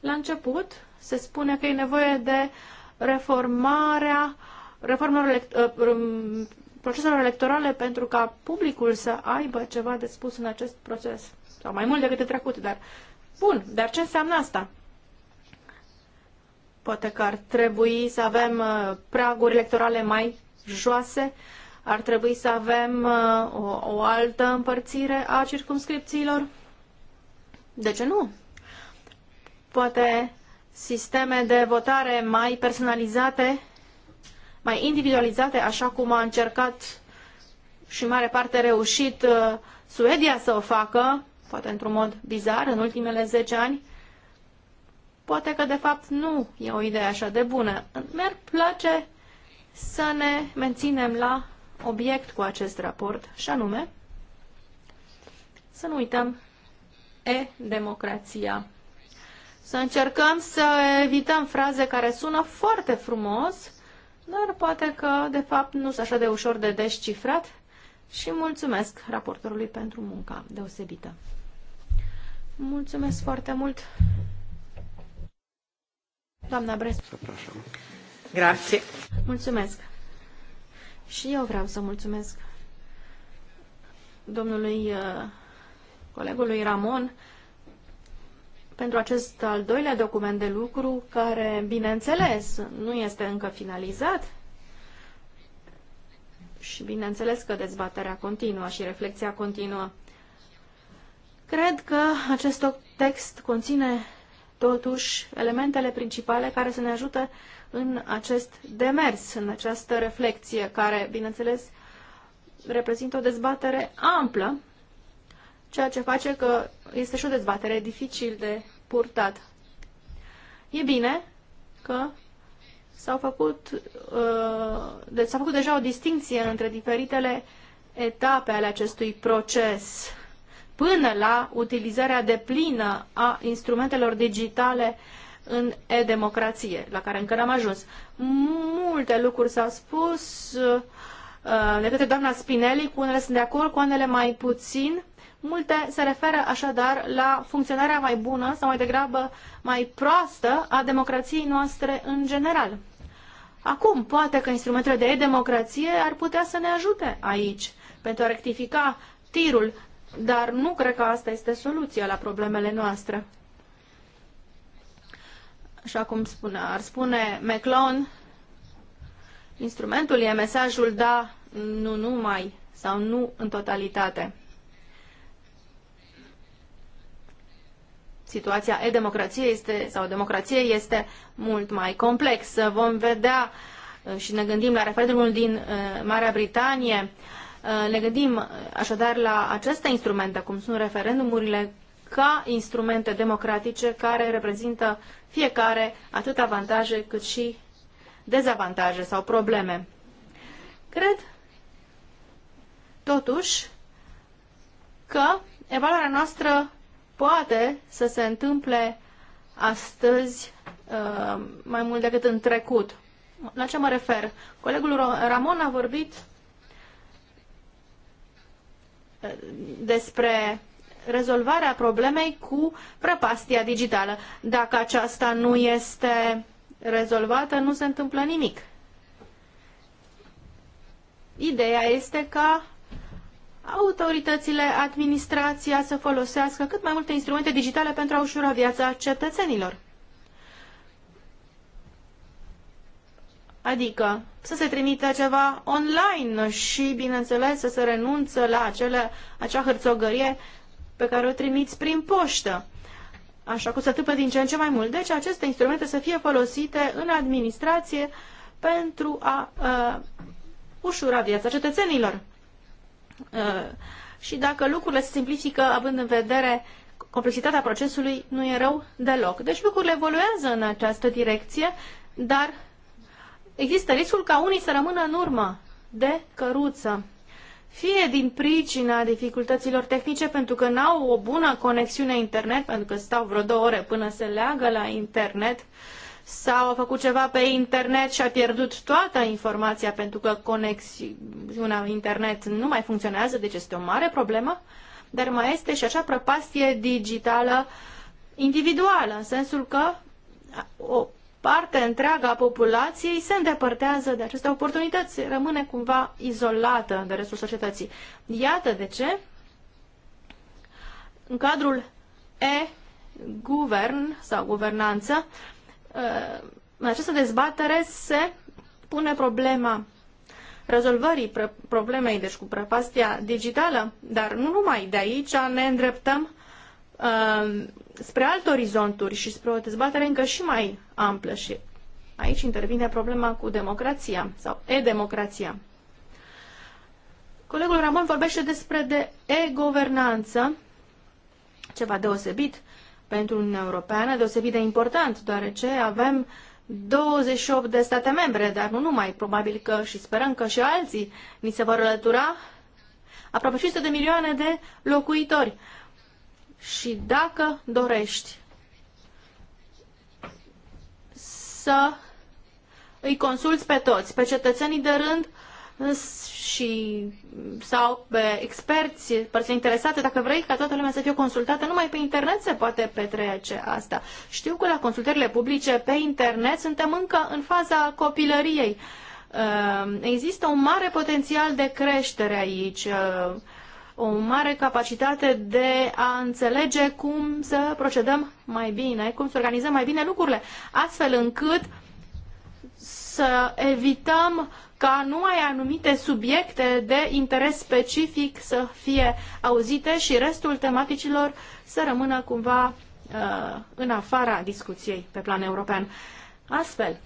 La început se spune că e nevoie de reformarea reformelor ă, proceselor electorale pentru ca publicul să aibă ceva de spus în acest proces. Sau mai mult decât de trecut, dar bun, dar ce înseamnă asta? Poate că ar trebui să avem ă, praguri electorale mai joase, uh, ar trebui să avem uh, o, o altă împărțire a circumscripțiilor? De ce nu? Poate sisteme de votare mai personalizate, mai individualizate, așa cum a încercat și în mare parte reușit uh, Suedia să o facă, poate într-un mod bizar, în ultimele 10 ani, poate că de fapt nu e o idee așa de bună. Mi-ar place să ne menținem la obiect cu acest raport, și anume, să nu uităm, e-democrația. Să încercăm să evităm fraze care sună foarte frumos, dar poate că, de fapt, nu sunt așa de ușor de descifrat și mulțumesc raportorului pentru munca deosebită. Mulțumesc foarte mult! Doamna Brescu. Grazie. Mulțumesc! Și eu vreau să mulțumesc domnului uh, colegului Ramon pentru acest al doilea document de lucru, care, bineînțeles, nu este încă finalizat și, bineînțeles, că dezbaterea continuă și reflexia continuă. Cred că acest text conține, totuși, elementele principale care să ne ajută în acest demers, în această reflexie, care, bineînțeles, reprezintă o dezbatere amplă, ceea ce face că este și o dezbatere dificil de purtat. E bine că s-au făcut, deci s-a făcut deja o distinție între diferitele etape ale acestui proces până la utilizarea deplină a instrumentelor digitale uh, în e-democrație, la care încă n-am ajuns. Multe lucruri s-au spus uh, de către doamna Spinelli, cu unele sunt de acord, cu unele mai puțin. Multe se referă așadar la funcționarea mai bună sau mai degrabă mai proastă a democrației noastre în general. Acum, poate că instrumentele de e-democrație ar putea să ne ajute aici pentru a rectifica tirul, dar nu cred că asta este soluția la problemele noastre așa cum spune, ar spune McClone, instrumentul e mesajul da, nu numai sau nu în totalitate. Situația e-democrației este, sau democrație este mult mai complexă. Vom vedea uh, și ne gândim la referendumul din uh, Marea Britanie, uh, ne gândim uh, așadar la aceste instrumente, cum sunt referendumurile, ca instrumente democratice care reprezintă fiecare atât avantaje cât și dezavantaje sau probleme. Cred, totuși, că evaluarea noastră poate să se întâmple astăzi uh, mai mult decât în trecut. La ce mă refer? Colegul Ramon a vorbit uh, despre rezolvarea problemei cu prăpastia digitală. Dacă aceasta nu este rezolvată, nu se întâmplă nimic. Ideea este ca autoritățile, administrația să folosească cât mai multe instrumente digitale pentru a ușura viața cetățenilor. Adică să se trimite ceva online și, bineînțeles, să se renunță la acele, acea hârțogărie pe care o trimiți prin poștă. Așa cum se întâmplă din ce în ce mai mult. Deci aceste instrumente să fie folosite în administrație pentru a uh, ușura viața cetățenilor. Uh, și dacă lucrurile se simplifică având în vedere complexitatea procesului, nu e rău deloc. Deci lucrurile evoluează în această direcție, dar există riscul ca unii să rămână în urmă de căruță fie din pricina dificultăților tehnice, pentru că n-au o bună conexiune internet, pentru că stau vreo două ore până se leagă la internet, sau a făcut ceva pe internet și a pierdut toată informația pentru că conexiunea internet nu mai funcționează, deci este o mare problemă, dar mai este și așa prăpastie digitală individuală, în sensul că o parte întreagă a populației se îndepărtează de aceste oportunități, rămâne cumva izolată de restul societății. Iată de ce, în cadrul e-guvern sau guvernanță, uh, în această dezbatere se pune problema rezolvării problemei, deci cu prăpastia digitală, dar nu numai de aici, ne îndreptăm Um, spre alte orizonturi și spre o dezbatere încă și mai amplă și aici intervine problema cu democrația sau e-democrația. Colegul Ramon vorbește despre de e-guvernanță, ceva deosebit pentru Uniunea Europeană, deosebit de important, deoarece avem 28 de state membre, dar nu numai, probabil că și sperăm că și alții ni se vor alătura aproape 500 de milioane de locuitori și dacă dorești să îi consulți pe toți, pe cetățenii de rând și sau pe experți, părți interesate, dacă vrei ca toată lumea să fie consultată, numai pe internet se poate petrece asta. Știu că la consultările publice pe internet suntem încă în faza copilăriei. Ehm, există un mare potențial de creștere aici. Ehm, o mare capacitate de a înțelege cum să procedăm mai bine, cum să organizăm mai bine lucrurile, astfel încât să evităm ca numai anumite subiecte de interes specific să fie auzite și restul tematicilor să rămână cumva uh, în afara discuției pe plan european. Astfel,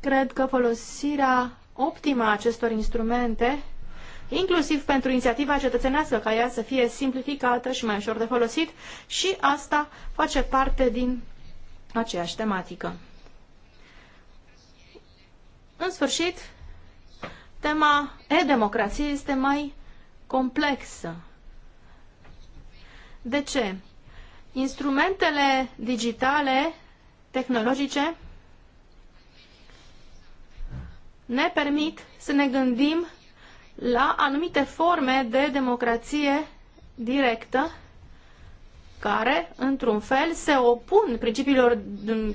cred că folosirea optimă a acestor instrumente inclusiv pentru inițiativa cetățenească, ca ea să fie simplificată și mai ușor de folosit și asta face parte din aceeași tematică. În sfârșit, tema e democrației este mai complexă. De ce? Instrumentele digitale, tehnologice, ne permit să ne gândim la anumite forme de democrație directă care, într-un fel, se opun principiilor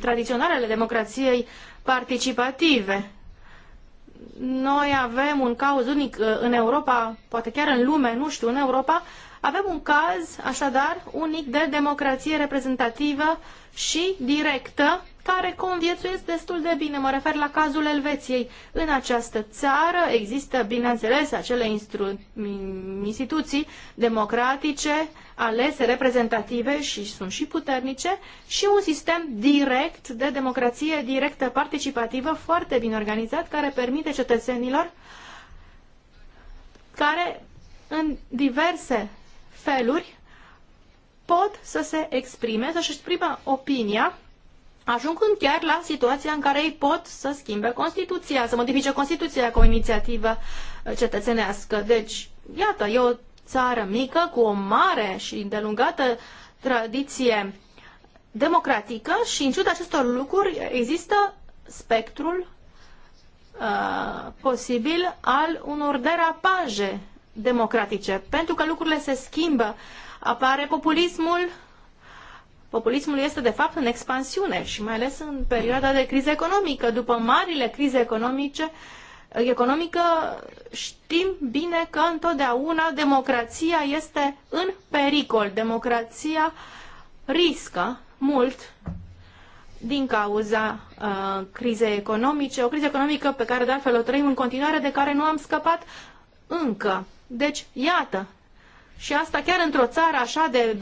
tradiționale ale democrației participative. Noi avem un caz unic uh, în Europa, poate chiar în lume, nu știu, în Europa, avem un caz, așadar, unic de democrație reprezentativă și directă care conviețuiesc destul de bine. Mă refer la cazul Elveției. În această țară există, bineînțeles, acele instituții democratice, alese, reprezentative și sunt și puternice și un sistem direct de democrație directă, participativă, foarte bine organizat, care permite cetățenilor care în diverse feluri pot să se exprime, să-și exprime opinia ajungând chiar la situația în care ei pot să schimbe Constituția, să modifice Constituția cu o inițiativă uh, cetățenească. Deci, iată, e o țară mică cu o mare și îndelungată tradiție democratică și în ciuda acestor lucruri există spectrul uh, posibil al unor derapaje democratice, pentru că lucrurile se schimbă. Apare populismul populismul este de fapt în expansiune și mai ales în perioada de criză economică. După marile crize economice, economică, știm bine că întotdeauna democrația este în pericol. Democrația riscă mult din cauza uh, crizei economice, o criză economică pe care de altfel o trăim în continuare, de care nu am scăpat încă. Deci, iată, și asta chiar într-o țară așa de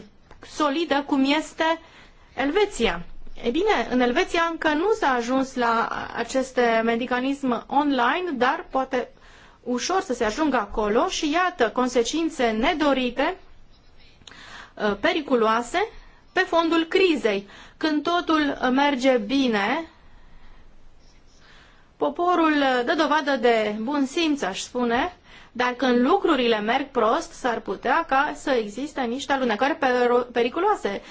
solidă cum este Elveția. E bine, în Elveția încă nu s-a ajuns la acest mecanism online, dar poate ușor să se ajungă acolo și iată consecințe nedorite, uh, periculoase, pe fondul crizei. Când totul merge bine, poporul dă dovadă de bun simț, aș spune, dar când lucrurile merg prost, s-ar putea ca să existe niște alunecări periculoase,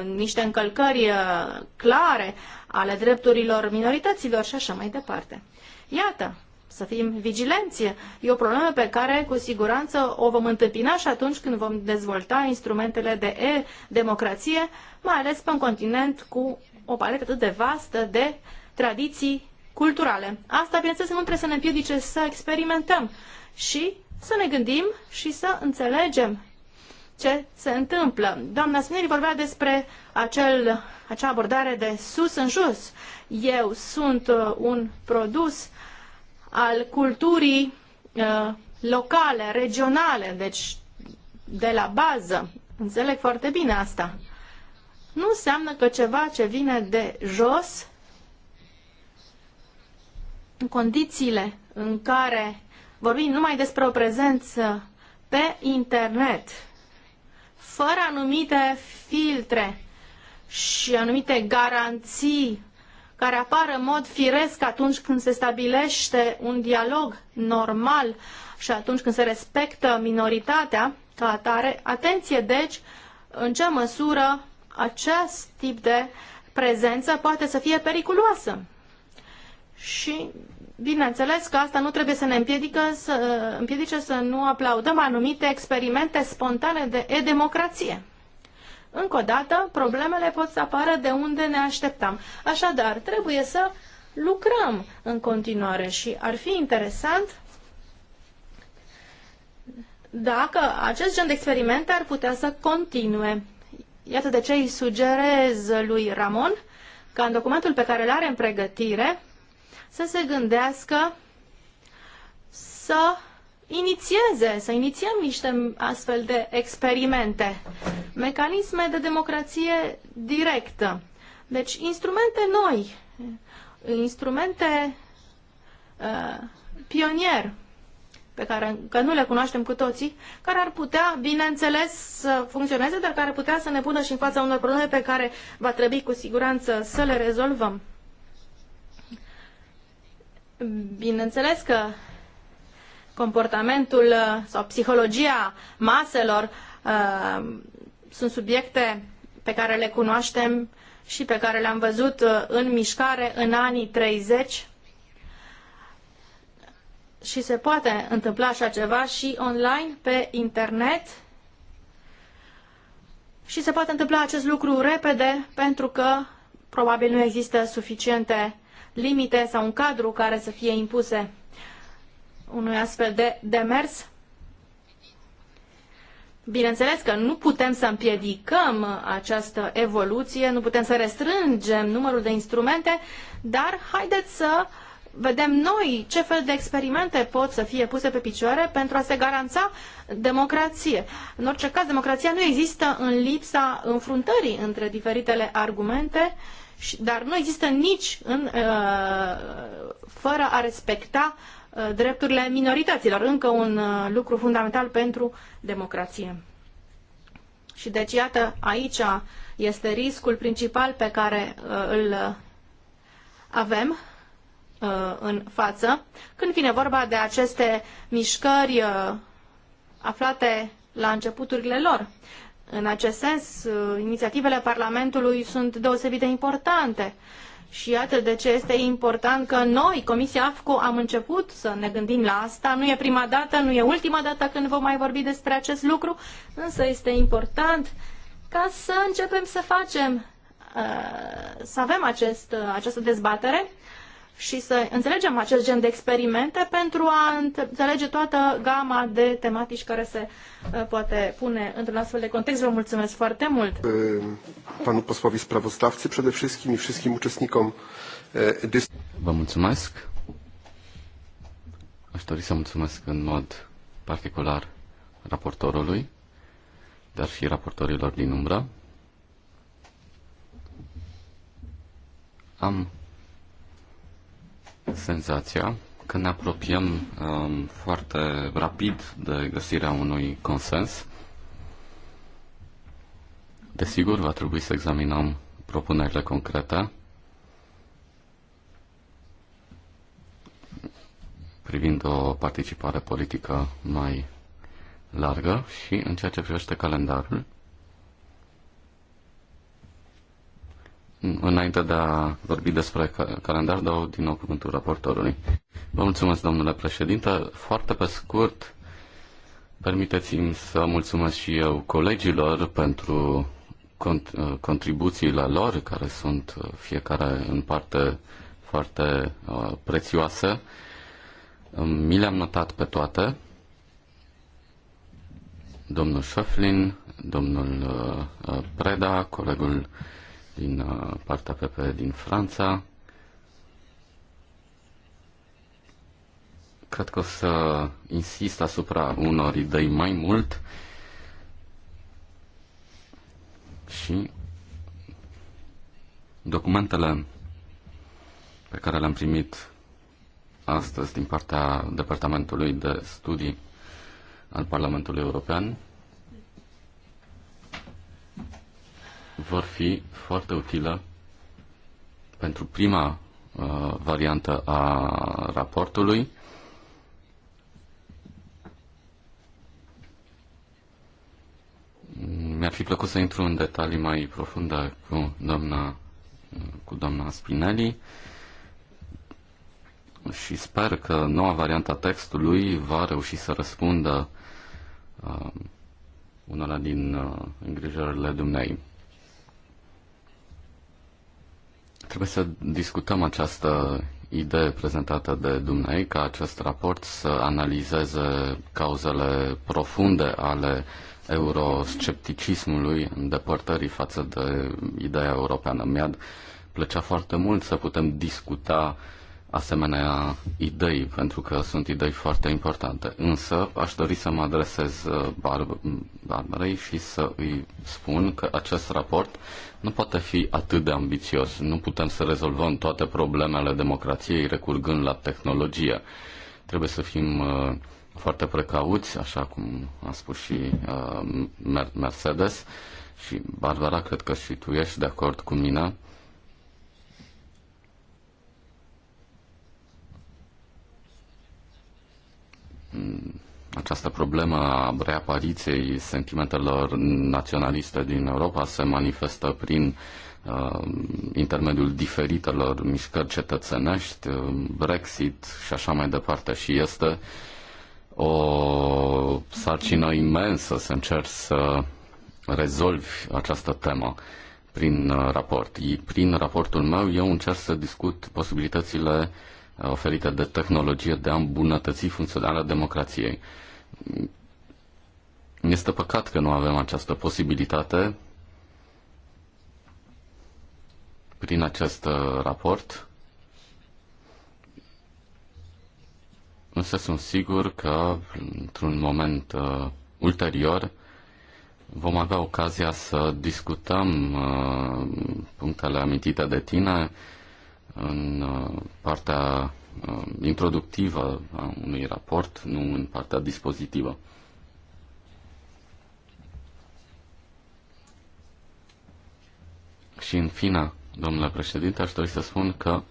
uh, niște încălcări uh, clare ale drepturilor minorităților și așa mai departe. Iată, să fim vigilenți. E o problemă pe care cu siguranță o vom întâmpina și atunci când vom dezvolta instrumentele de e-democrație, mai ales pe un continent cu o paletă atât de vastă de tradiții culturale. Asta, bineînțeles, nu trebuie să ne împiedice să experimentăm și să ne gândim și să înțelegem ce se întâmplă. Doamna Smineri vorbea despre acel, acea abordare de sus în jos. Eu sunt uh, un produs al culturii uh, locale, regionale, deci de la bază. Înțeleg foarte bine asta. Nu înseamnă că ceva ce vine de jos, în condițiile în care vorbim numai despre o prezență pe internet, fără anumite filtre și anumite garanții care apar în mod firesc atunci când se stabilește un dialog normal și atunci când se respectă minoritatea ca atare. Atenție, deci, în ce măsură acest tip de prezență poate să fie periculoasă. Și Bineînțeles că asta nu trebuie să ne împiedică să, împiedice să nu aplaudăm anumite experimente spontane de e-democrație. Încă o dată, problemele pot să apară de unde ne așteptam. Așadar, trebuie să lucrăm în continuare și ar fi interesant dacă acest gen de experimente ar putea să continue. Iată de ce îi sugerez lui Ramon ca în documentul pe care îl are în pregătire să se gândească să inițieze, să inițiem niște astfel de experimente, mecanisme de democrație directă. Deci instrumente noi, instrumente uh, pionier, pe care că nu le cunoaștem cu toții, care ar putea, bineînțeles, să funcționeze, dar care ar putea să ne pună și în fața unor probleme pe care va trebui cu siguranță să le rezolvăm. Bineînțeles că comportamentul uh, sau psihologia maselor uh, sunt subiecte pe care le cunoaștem și pe care le-am văzut uh, în mișcare în anii 30 și se poate întâmpla așa ceva și online, pe internet și se poate întâmpla acest lucru repede pentru că probabil nu există suficiente limite sau un cadru care să fie impuse unui astfel de demers? Bineînțeles că nu putem să împiedicăm această evoluție, nu putem să restrângem numărul de instrumente, dar haideți să vedem noi ce fel de experimente pot să fie puse pe picioare pentru a se garanța democrație. În orice caz, democrația nu există în lipsa înfruntării între diferitele argumente uh, dar nu există nici în, uh, fără a respecta uh, drepturile minorităților. Încă un uh, lucru fundamental pentru democrație. Și deci, iată, aici este riscul principal pe care îl avem în față când vine vorba de aceste mișcări aflate la începuturile lor. În acest sens, uh, inițiativele Parlamentului sunt deosebit de importante. Și iată de ce este important că noi, Comisia AFCO, am început să ne gândim la asta. Nu e prima dată, nu e ultima dată când vom mai vorbi despre acest lucru, însă este important ca să începem să facem, uh, să avem acest, uh, această dezbatere și să înțelegem acest gen de experimente pentru a înțelege toată gama de tematici care se uh, poate pune într-un astfel de context. Vă mulțumesc foarte mult! Panu posłowi sprawozdawcy przede wszystkim i wszystkim uczestnikom Vă mulțumesc! Aș dori să mulțumesc în mod particular raportorului, dar și raportorilor din umbră. Am senzația că ne apropiem um, foarte rapid de găsirea unui consens. Desigur, va trebui să examinăm propunerile concrete privind o participare politică mai largă și în ceea ce privește calendarul. Înainte de a vorbi despre calendar, dau din nou cuvântul raportorului. Vă mulțumesc, domnule președinte. Foarte pe scurt, permiteți-mi să mulțumesc și eu colegilor pentru uh, contribuțiile lor, care sunt uh, fiecare în parte foarte uh, prețioase. Mi le-am notat pe toate. Domnul Șoflin, domnul Preda, colegul din uh, partea PP din Franța. Cred că o să insist asupra unor idei mai mult și documentele pe care le-am primit astăzi din partea Departamentului de Studii al Parlamentului European vor fi foarte utile pentru prima uh, variantă a raportului. Mi-ar fi plăcut să intru în detalii mai profunde cu doamna, cu doamna Spinelli și sper că noua variantă a textului va reuși să răspundă uh, unora din uh, îngrijorările dumneavoastră. Trebuie să discutăm această idee prezentată de dumnei ca acest raport să analizeze cauzele profunde ale euroscepticismului, îndepărtării față de ideea europeană. mi plăcea foarte mult să putem discuta uh, asemenea idei, pentru că sunt idei foarte importante. Însă aș dori să mă adresez uh, Barb- Barbarei și să îi spun că acest raport nu poate fi atât de ambițios. Nu putem să rezolvăm toate problemele democrației recurgând la tehnologie. Trebuie să fim uh, foarte precauți, așa cum a spus și uh, Mercedes și Barbara, cred că și tu ești de acord cu mine această problemă a reapariției sentimentelor naționaliste din Europa se manifestă prin uh, intermediul diferitelor mișcări cetățenești, uh, Brexit și așa mai departe. Și este o sarcină imensă să încerci să rezolvi această temă prin uh, raport. Prin raportul meu eu încerc să discut posibilitățile uh, oferită de tehnologie de a îmbunătăți funcționarea democrației. Este păcat că nu avem această posibilitate prin acest uh, raport, însă sunt sigur că într-un moment uh, ulterior vom avea ocazia să discutăm uh, punctele amintite de tine, uh, în uh, partea uh, introductivă a unui raport, nu în partea dispozitivă. Și în fine, domnule președinte, aș dori să spun că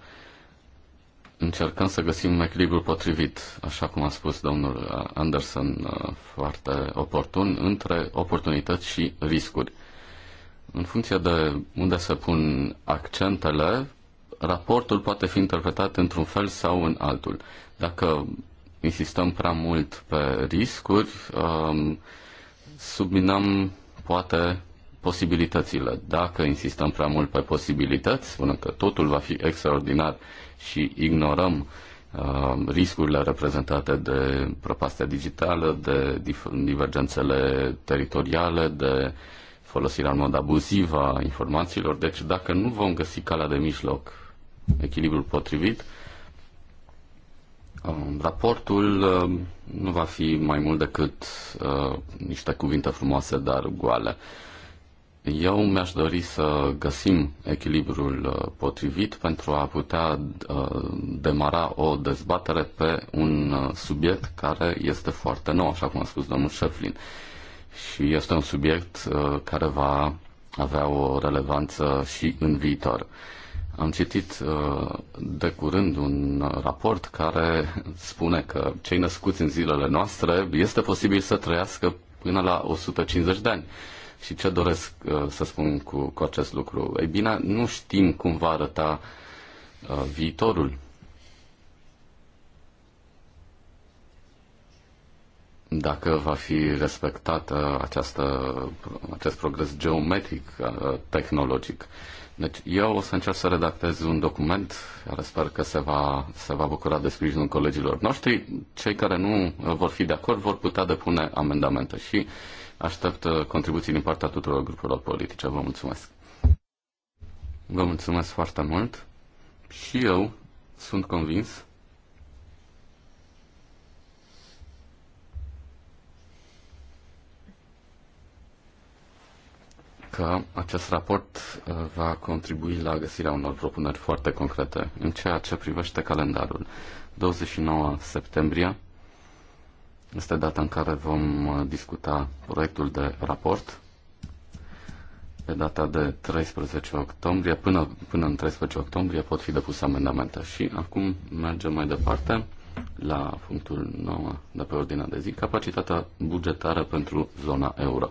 încercăm să găsim un echilibru potrivit, așa cum a spus domnul Anderson uh, foarte oportun, între oportunități și riscuri. În funcție de unde se pun accentele, raportul poate fi interpretat într-un fel sau în altul. Dacă insistăm prea mult pe riscuri, um, subminăm poate posibilitățile. Dacă insistăm prea mult pe posibilități, spunem că totul va fi extraordinar și ignorăm um, riscurile reprezentate de prăpastia digitală, de divergențele teritoriale, de folosirea în mod abuziv a informațiilor. Deci dacă nu vom găsi calea de mijloc echilibrul potrivit. Um, raportul um, nu va fi mai mult decât uh, niște cuvinte frumoase, dar goale. Eu mi-aș dori să găsim echilibrul uh, potrivit pentru a putea uh, demara o dezbatere pe un subiect care este foarte nou, așa cum a spus domnul Șeflin. Și este un subiect care va avea o relevanță și în viitor. Am citit uh, de curând un raport care spune că cei născuți în zilele noastre este posibil să trăiască până la 150 de ani. Și ce doresc uh, să spun cu, cu acest lucru? Ei bine, nu știm cum va arăta uh, viitorul. Dacă va fi respectată această, acest progres geometric tehnologic. Deci eu o să încerc să redactez un document care sper că se va, se va bucura de sprijinul colegilor noștri. Cei care nu uh, vor fi de acord vor putea depune amendamente și aștept uh, contribuții din partea tuturor grupurilor politice. Vă mulțumesc! Vă mulțumesc foarte mult și eu sunt convins că acest raport uh, va contribui la găsirea unor propuneri foarte concrete în ceea ce privește calendarul. 29 septembrie este data în care vom uh, discuta proiectul de raport. Pe data de 13 octombrie, până, până în 13 octombrie pot fi depuse amendamente. Și acum mergem mai departe la punctul 9 de pe ordinea de zi, capacitatea bugetară pentru zona euro.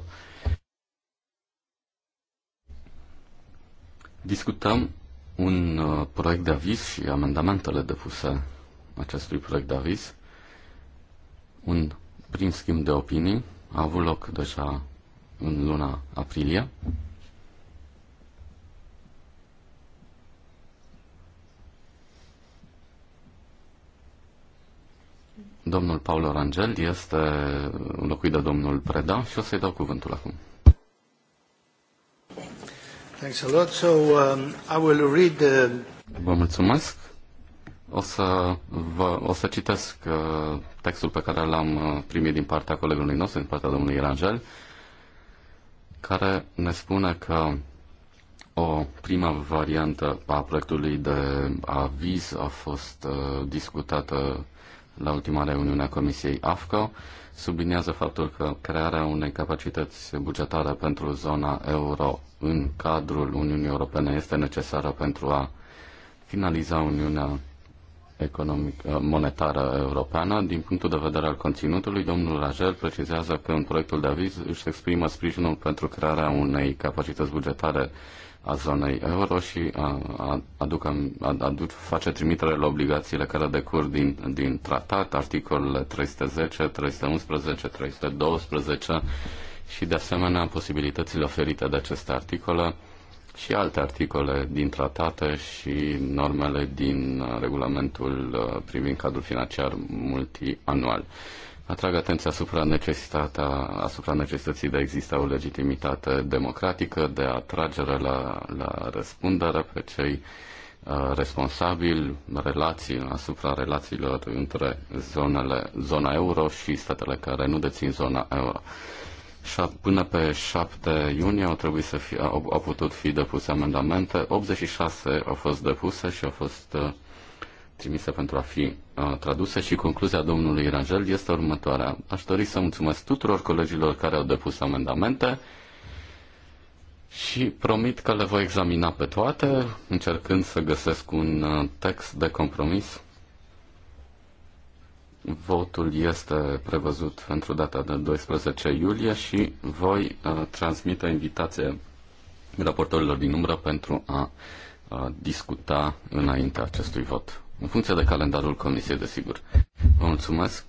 Discutăm un uh, proiect de aviz și amendamentele depuse acestui proiect de aviz. Un prim schimb de opinii a avut loc deja în luna aprilie. Domnul Paolo Orangel este înlocuit de domnul Preda și o să-i dau cuvântul acum. Thanks a lot. So, um, I will read the... Vă mulțumesc. O să, vă, o să citesc uh, textul pe care l-am uh, primit din partea colegului nostru, din partea domnului Irangel, care ne spune că o prima variantă a proiectului de aviz a fost uh, discutată la ultima reuniune a Comisiei AFCO subliniază faptul că crearea unei capacități bugetare pentru zona euro în cadrul Uniunii Europene este necesară pentru a finaliza Uniunea economic, uh, monetară europeană. Din punctul de vedere al conținutului, domnul Rajel precizează că în proiectul de aviz își exprimă sprijinul pentru crearea unei capacități bugetare a zonei euro și a, a, aduc, a, aduc, face trimitere la obligațiile care decur din, din tratat, articolele 310, 311, 312 și de asemenea posibilitățile oferite de aceste articole și alte articole din tratate și normele din regulamentul uh, privind cadrul financiar multianual atrag atenția asupra, necesitatea, asupra necesității de a exista o legitimitate democratică, de atragere la, la răspundere pe cei responsabil uh, responsabili, relații, asupra relațiilor între zonele, zona euro și statele care nu dețin zona euro. Până pe 7 iunie au, trebuit să fie, au, au putut fi depuse amendamente, 86 au fost depuse și au fost uh, trimisă pentru a fi uh, tradusă și concluzia domnului Rangel este următoarea. Aș dori să mulțumesc tuturor colegilor care au depus amendamente și promit că le voi examina pe toate, încercând să găsesc un uh, text de compromis. Votul este prevăzut pentru data de 12 iulie și voi uh, transmite invitație raportorilor din umbră pentru a uh, discuta înaintea acestui vot în funcție de calendarul comisiei, desigur. Vă mulțumesc.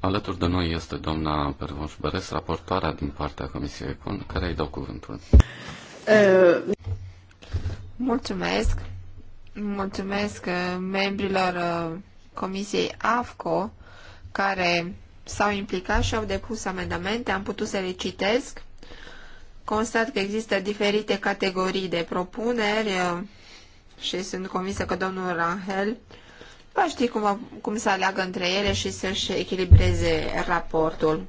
Alături de noi este doamna Pervonș Beres, raportoarea din partea Comisiei Econ, care îi dau cuvântul. Uh, mulțumesc. Mulțumesc uh, membrilor uh, Comisiei AFCO care s-au implicat și au depus amendamente. Am putut să le citesc constat că există diferite categorii de propuneri uh, și sunt convinsă că domnul Rahel va ști cum, cum să aleagă între ele și să-și echilibreze raportul.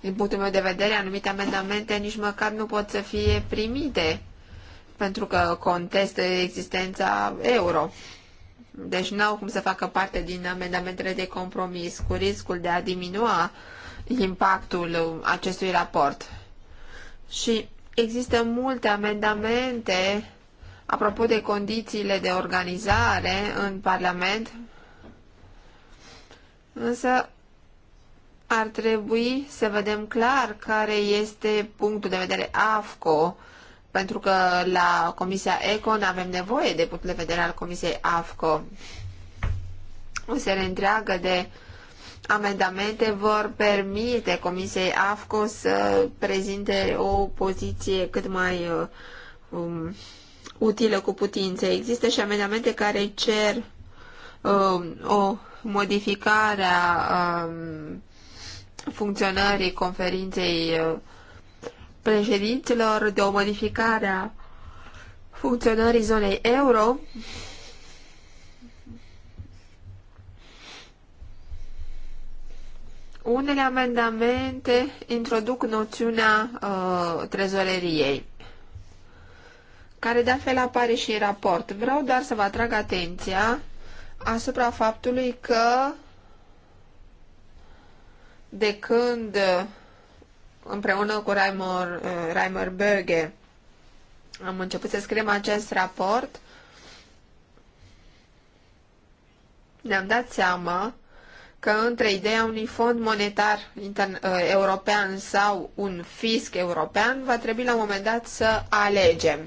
Din punctul meu de vedere, anumite amendamente nici măcar nu pot să fie primite pentru că contestă existența euro. Deci n-au cum să facă parte din amendamentele de compromis, cu riscul de a diminua uh, impactul acestui raport. Și există multe amendamente apropo de condițiile de organizare în Parlament, însă ar trebui să vedem clar care este punctul de vedere AFCO, pentru că la Comisia ECON avem nevoie de punctul de vedere al Comisiei AFCO. O serie întreagă de amendamente vor permite Comisiei AFCO să prezinte o poziție cât mai uh, um, utilă cu putință. Există și amendamente care cer um, o modificare a um, funcționării conferinței uh, președinților, de o modificare a funcționării zonei euro Unele amendamente introduc noțiunea uh, trezoreriei, care de altfel apare și în raport. Vreau doar să vă atrag atenția asupra faptului că de când uh, împreună cu Reimer, uh, Reimer Berge am început să scriem acest raport, ne-am dat seama că între ideea unui fond monetar uh, european sau un fisc european va trebui la un moment dat să alegem.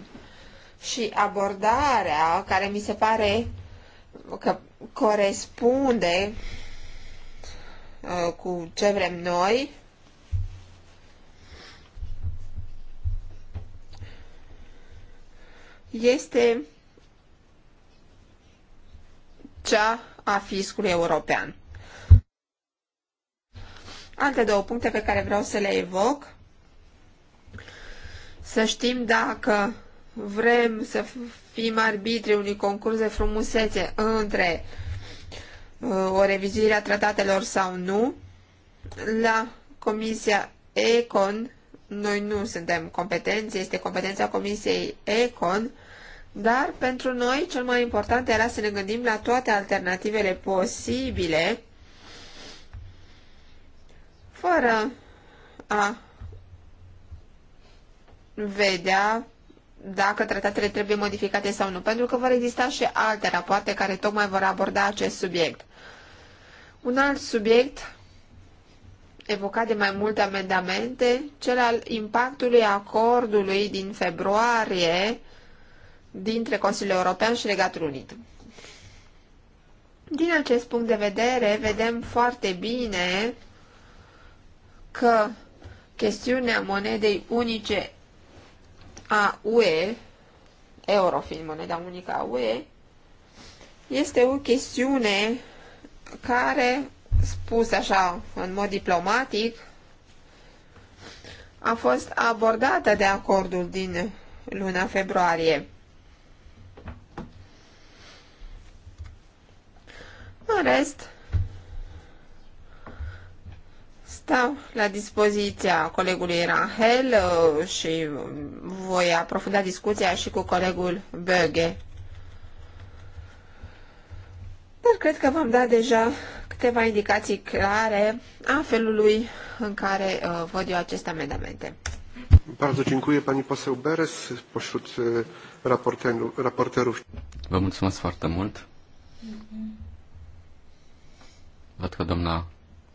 Și abordarea care mi se pare că corespunde uh, cu ce vrem noi, este cea a fiscului european. Alte două puncte pe care vreau să le evoc. Să știm dacă vrem să fim arbitri unui concurs de frumusețe între uh, o revizuire a tratatelor sau nu. La Comisia Econ, noi nu suntem competenți, este competența Comisiei Econ, dar pentru noi cel mai important era să ne gândim la toate alternativele posibile fără a vedea dacă tratatele trebuie modificate sau nu, pentru că vor exista și alte rapoarte care tocmai vor aborda acest subiect. Un alt subiect evocat de mai multe amendamente, cel al impactului acordului din februarie dintre Consiliul European și Regatul Unit. Din acest punct de vedere, vedem foarte bine că chestiunea monedei unice a UE, euro fiind moneda unică a UE, este o chestiune care, spus așa în mod diplomatic, a fost abordată de acordul din luna februarie. În rest, Stau da, la dispoziția colegului Rahel uh, și voi aprofunda discuția și cu colegul Böge. Dar cred că v-am dat deja câteva indicații clare a felului în care uh, văd eu aceste amendamente. Bardzo dziękuję pani poseł Beres pośród raporterów. Vă mulțumesc foarte mult. Văd că doamna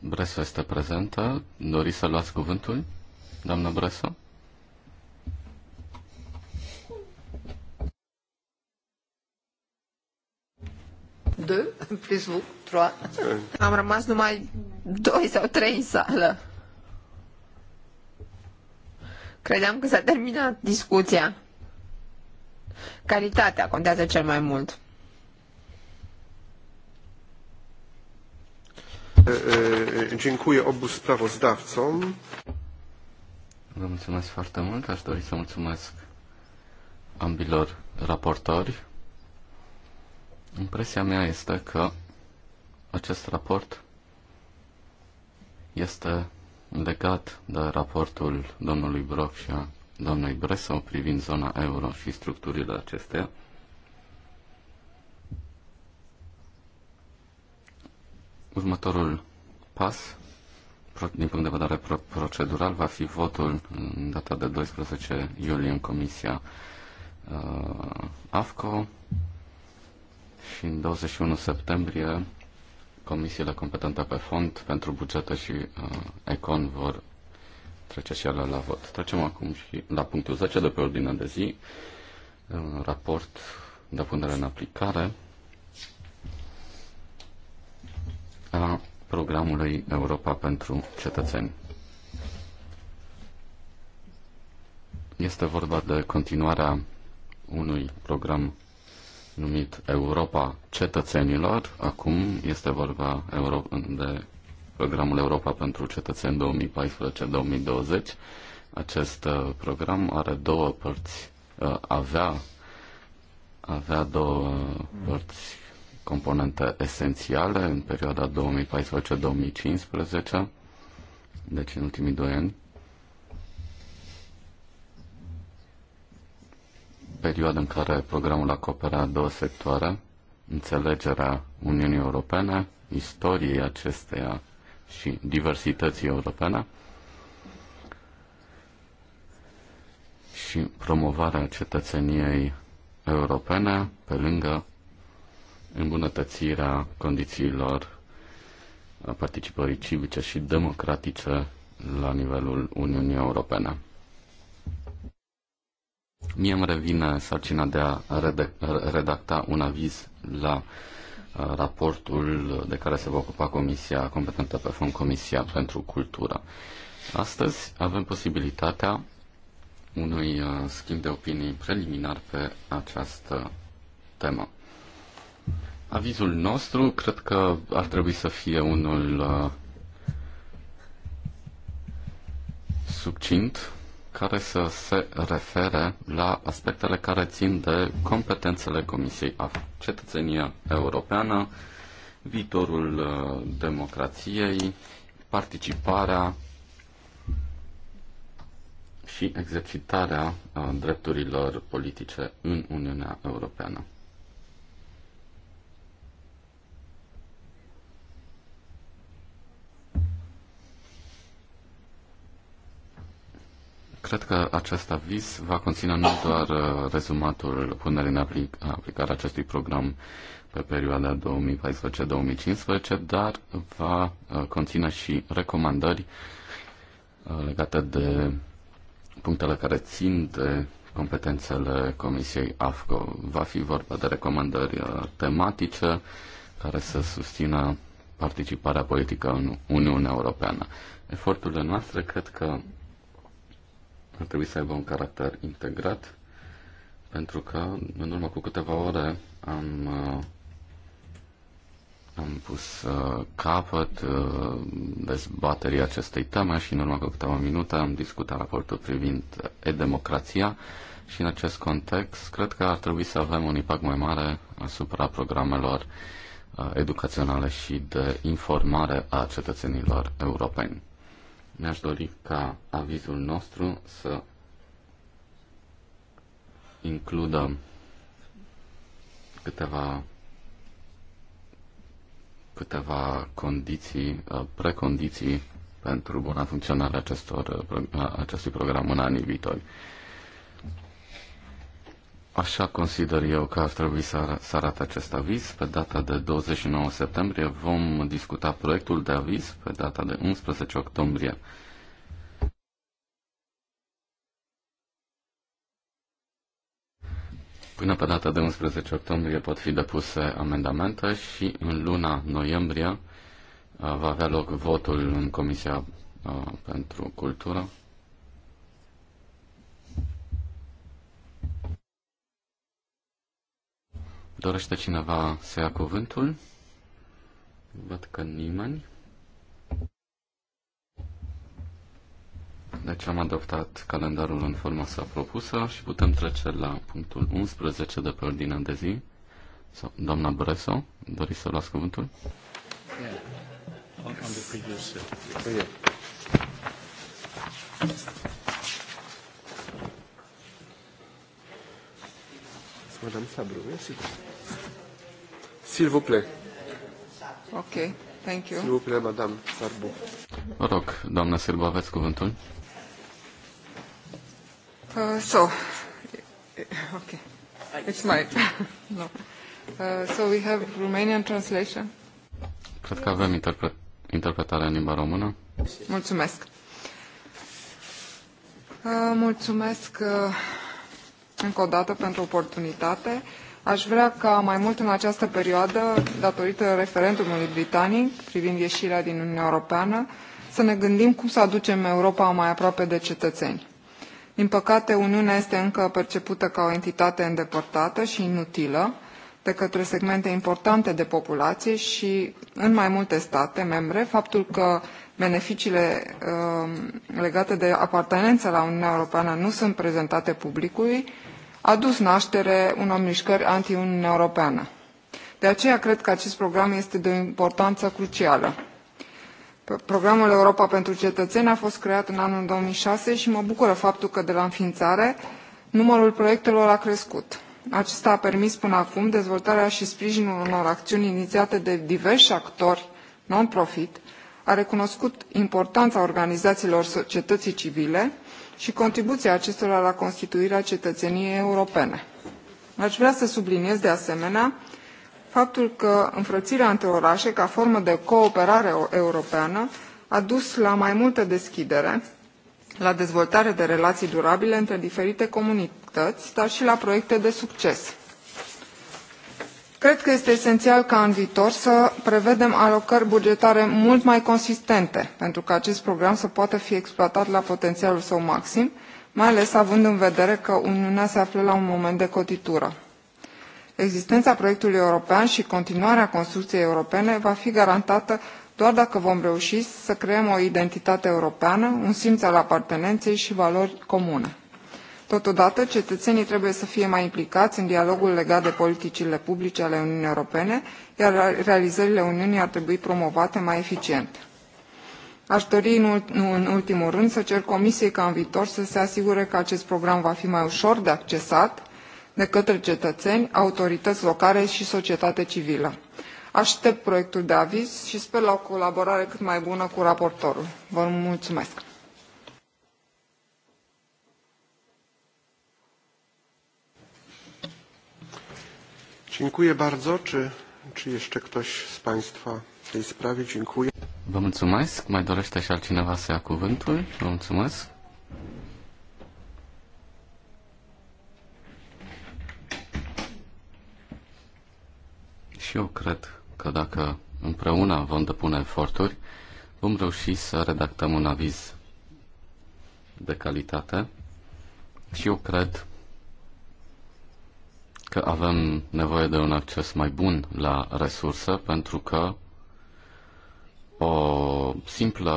Bresa este prezentă. Doriți să luați cuvântul, doamnă Bresa? De, *laughs* plus vous, trois. *laughs* Am rămas numai doi sau trei în sală. Credeam că s-a terminat discuția. Calitatea contează cel mai mult. Dziękuję obu sprawozdawcom. Vă mulțumesc foarte mult. Aș dori să mulțumesc ambilor raportori. Impresia mea este că acest raport este legat de raportul domnului Brock și a doamnei Bresso privind zona euro și structurile acesteia. Următorul pas, din punct de vedere procedural, va fi votul în data de 12 iulie în Comisia uh, AFCO și în 21 septembrie comisiile competente pe fond pentru bugete și uh, econ vor trece și ele la vot. Trecem acum și la punctul 10 de pe ordinea de zi, un uh, raport de punere în aplicare a programului Europa pentru cetățeni. Este vorba de continuarea unui program numit Europa cetățenilor. Acum este vorba de programul Europa pentru cetățeni 2014-2020. Acest uh, program are două părți, uh, avea, avea două uh, părți componente esențiale în perioada 2014-2015, deci în ultimii doi ani. Perioada în care programul acoperă două sectoare, înțelegerea Uniunii Europene, istoriei acesteia și diversității europene și promovarea cetățeniei europene pe lângă îmbunătățirea condițiilor participării civice și democratice la nivelul Uniunii Europene. Mie îmi revine sarcina de a redacta un aviz la uh, raportul de care se va ocupa Comisia competentă pe fond Comisia pentru Cultură. Astăzi avem posibilitatea unui uh, schimb de opinii preliminar pe această temă. Avizul nostru cred că ar trebui să fie unul uh, succint care să se refere la aspectele care țin de competențele Comisiei a cetățenia europeană, viitorul uh, democrației, participarea și exercitarea uh, drepturilor politice în Uniunea Europeană. cred că acest aviz va conține nu doar uh, rezumatul punerii în aplic- aplicare acestui program pe perioada 2014-2015, dar va uh, conține și recomandări uh, legate de punctele care țin de competențele Comisiei AFCO. Va fi vorba de recomandări tematice care să susțină participarea politică în Uniunea Europeană. Eforturile noastre cred că ar trebui să aibă un caracter integrat, pentru că în urmă cu câteva ore am, uh, am pus uh, capăt uh, dezbaterii acestei teme și în urmă cu câteva minute am discutat raportul privind e-democrația și în acest context cred că ar trebui să avem un impact mai mare asupra programelor educaționale și de informare a cetățenilor europeni mi-aș dori ca avizul nostru să includă câteva câteva condiții, uh, precondiții pentru buna funcționare acestor, uh, acestui program în anii viitori. Așa consider eu că ar trebui să, să arate acest aviz. Pe data de 29 septembrie vom discuta proiectul de aviz pe data de 11 octombrie. Până pe data de 11 octombrie pot fi depuse amendamente și în luna noiembrie uh, va avea loc votul în Comisia uh, pentru Cultură Dorește cineva să ia cuvântul? Văd că nimeni. Deci am adoptat calendarul în forma sa propusă și putem trece la punctul 11 de pe ordinea de zi. Doamna Breso, doriți să luați cuvântul? Yeah. On, on the previous, uh, yeah. Madame S'il vous plaît. Ok, thank you. S'il vous plaît, Madame Sarbu. Mă rog, doamna Sârbu, aveți cuvântul. Uh, so, *laughs* ok, it's my, *laughs* no. Uh, so we have Romanian translation. Cred că avem interpre- interpretarea în limba română. Mulțumesc. Uh, mulțumesc uh, încă o dată pentru oportunitate. Uh, Aș vrea ca mai mult în această perioadă, datorită referendumului britanic privind ieșirea din Uniunea Europeană, să ne gândim cum să aducem Europa mai aproape de cetățeni. Din păcate, Uniunea este încă percepută ca o entitate îndepărtată și inutilă de către segmente importante de populație și în mai multe state membre, faptul că beneficiile uh, legate de apartenență la Uniunea Europeană nu sunt prezentate publicului a dus naștere unor mișcări anti-Uniunea Europeană. De aceea cred că acest program este de o importanță crucială. Programul Europa pentru cetățeni a fost creat în anul 2006 și mă bucură faptul că de la înființare numărul proiectelor a crescut. Acesta a permis până acum dezvoltarea și sprijinul unor acțiuni inițiate de diversi actori non-profit, a recunoscut importanța organizațiilor societății civile și contribuția acestora la constituirea cetățeniei europene. Aș vrea să subliniez de asemenea faptul că înfrățirea între orașe ca formă de cooperare europeană a dus la mai multă deschidere, la dezvoltare de relații durabile între diferite comunități, dar și la proiecte de succes. Cred că este esențial ca în viitor să prevedem alocări bugetare mult mai consistente pentru ca acest program să poată fi exploatat la potențialul său maxim, mai ales având în vedere că Uniunea se află la un moment de cotitură. Existența proiectului european și continuarea construcției europene va fi garantată doar dacă vom reuși să creăm o identitate europeană, un simț al apartenenței și valori comune. Totodată, cetățenii trebuie să fie mai implicați în dialogul legat de politicile publice ale Uniunii Europene, iar realizările Uniunii ar trebui promovate mai eficient. Aș dori în ultimul rând să cer Comisiei ca în viitor să se asigure că acest program va fi mai ușor de accesat de către cetățeni, autorități locale și societate civilă. Aștept proiectul de aviz și sper la o colaborare cât mai bună cu raportorul. Vă mulțumesc! Dziękuję bardzo. Czy, czy jeszcze ktoś z Państwa w tej sprawie? Dziękuję. Vă mulțumesc. Mai dorește și altcineva să ia cuvântul? Vă mulțumesc. Și eu cred că dacă împreună vom depune eforturi, vom reuși să redactăm un aviz de calitate și eu cred că avem nevoie de un acces mai bun la resurse pentru că o simplă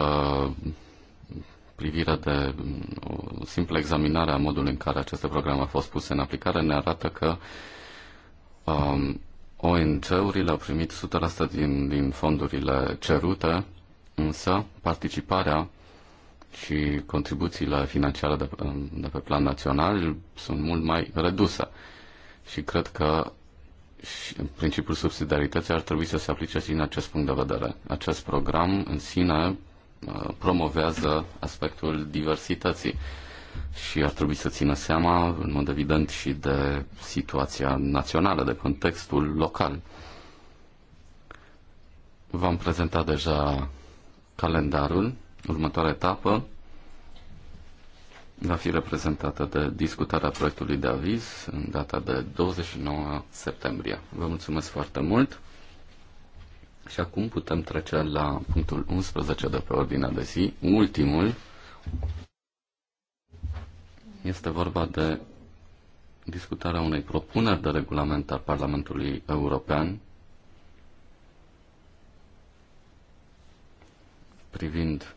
privire de o simplă examinare a modului în care aceste programe au fost puse în aplicare ne arată că um, ONG-urile au primit 100% din, din fondurile cerute, însă participarea și contribuțiile financiare de, de pe plan național sunt mult mai reduse și cred că și principiul subsidiarității ar trebui să se aplice și în acest punct de vedere. Acest program în sine uh, promovează aspectul diversității și ar trebui să țină seama, în mod evident, și de situația națională, de contextul local. V-am prezentat deja calendarul, următoarea etapă, va fi reprezentată de discutarea proiectului de aviz în data de 29 septembrie. Vă mulțumesc foarte mult și acum putem trece la punctul 11 de pe ordinea de zi, ultimul. Este vorba de discutarea unei propuneri de regulament al Parlamentului European privind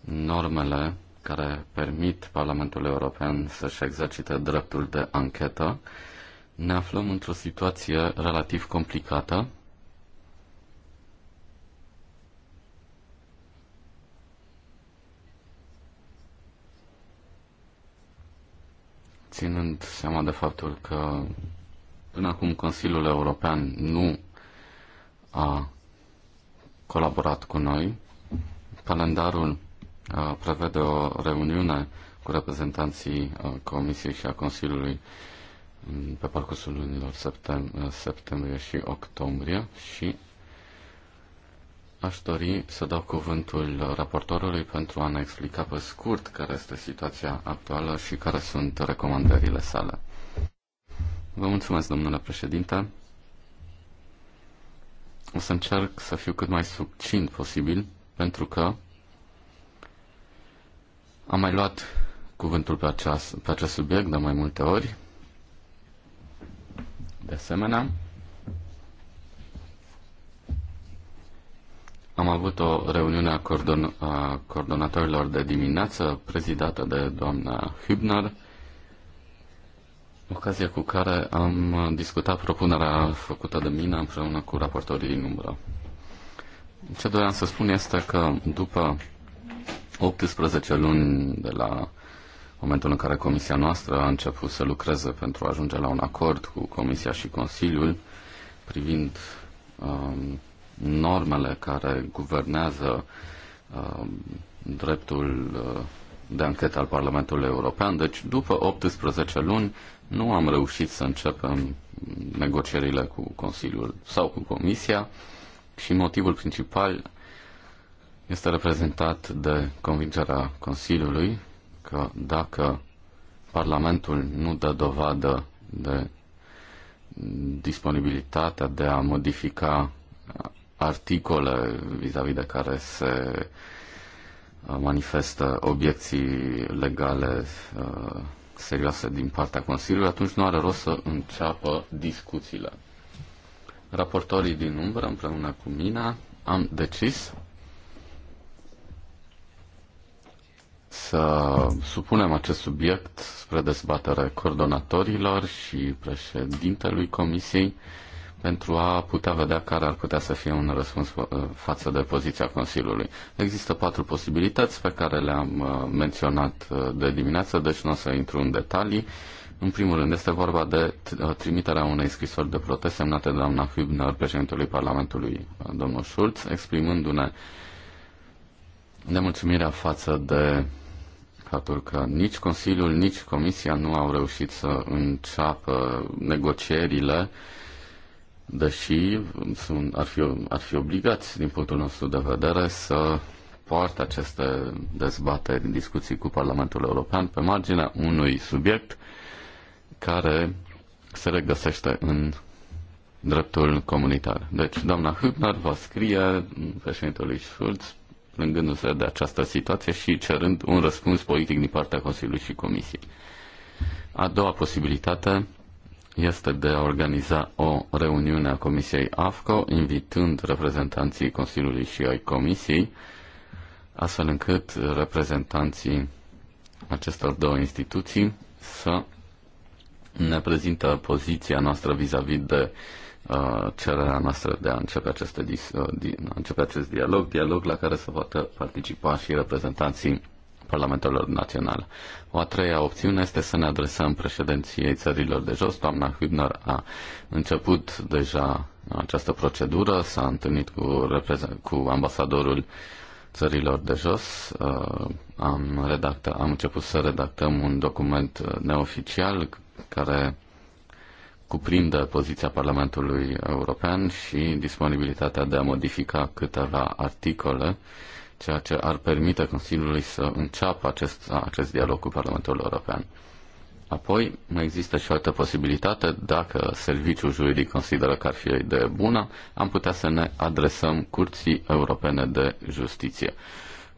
normele care permit Parlamentul European să-și exercite dreptul de anchetă, ne aflăm într-o situație relativ complicată. Ținând seama de faptul că până acum Consiliul European nu a colaborat cu noi, calendarul prevede o reuniune cu reprezentanții uh, Comisiei și a Consiliului mm, pe parcursul lunilor septem- uh, septembrie și octombrie și aș dori să dau cuvântul raportorului pentru a ne explica pe scurt care este situația actuală și care sunt recomandările sale. Vă mulțumesc, domnule președinte. O să încerc să fiu cât mai succint posibil, pentru că am mai luat cuvântul pe, aceas, pe acest subiect de mai multe ori. De asemenea, am avut o reuniune a, cordon, a coordonatorilor de dimineață, prezidată de doamna Hübner, ocazia cu care am discutat propunerea făcută de mine împreună cu raportorii din umbră. Ce doream să spun este că după 18 luni de la momentul în care comisia noastră a început să lucreze pentru a ajunge la un acord cu comisia și Consiliul privind um, normele care guvernează um, dreptul uh, de anchetă al Parlamentului European. Deci, după 18 luni, nu am reușit să începem negocierile cu Consiliul sau cu Comisia și motivul principal este reprezentat de convingerea Consiliului că dacă Parlamentul nu dă dovadă de disponibilitatea de a modifica articole vis-a-vis -vis de care se uh, manifestă obiecții legale uh, serioase din partea Consiliului, atunci nu are rost să înceapă discuțiile. Raportorii din umbră, împreună cu mine, am decis să supunem acest subiect spre dezbatere coordonatorilor și președintelui Comisiei pentru a putea vedea care ar putea să fie un răspuns uh, față de poziția Consiliului. Există patru posibilități pe care le-am uh, menționat uh, de dimineață, deci nu o să intru în detalii. În primul rând, este vorba de trimiterea unei scrisori de protest semnate de doamna Hübner, președintelui Parlamentului, domnul Schulz, exprimându-ne nemulțumirea față de faptul că nici Consiliul, nici Comisia nu au reușit să înceapă negocierile, deși sunt, ar, fi, ar fi obligați, din punctul nostru de vedere, să poartă aceste dezbateri, discuții cu Parlamentul European pe marginea unui subiect care se regăsește în dreptul comunitar. Deci, doamna Hübner va scrie președintelui Schulz plângându-se de această situație și cerând un răspuns politic din partea Consiliului și Comisiei. A doua posibilitate este de a organiza o reuniune a Comisiei AFCO, invitând reprezentanții Consiliului și ai Comisiei, astfel încât reprezentanții acestor două instituții să ne prezintă poziția noastră vis-a-vis -vis de Uh, cererea noastră de a începe, aceste, uh, a începe acest dialog, dialog la care să poată participa și reprezentanții parlamentelor naționale. O a treia opțiune este să ne adresăm președinției țărilor de jos. Doamna Hübner a început deja această procedură, s-a întâlnit cu, cu ambasadorul țărilor de jos. Uh, am, redactat, am început să redactăm un document neoficial care cuprindă poziția Parlamentului European și disponibilitatea de a modifica câteva articole, ceea ce ar permite Consiliului să înceapă acest, acest dialog cu Parlamentul European. Apoi, mai există și o altă posibilitate, dacă serviciul juridic consideră că ar fi o idee bună, am putea să ne adresăm Curții Europene de Justiție,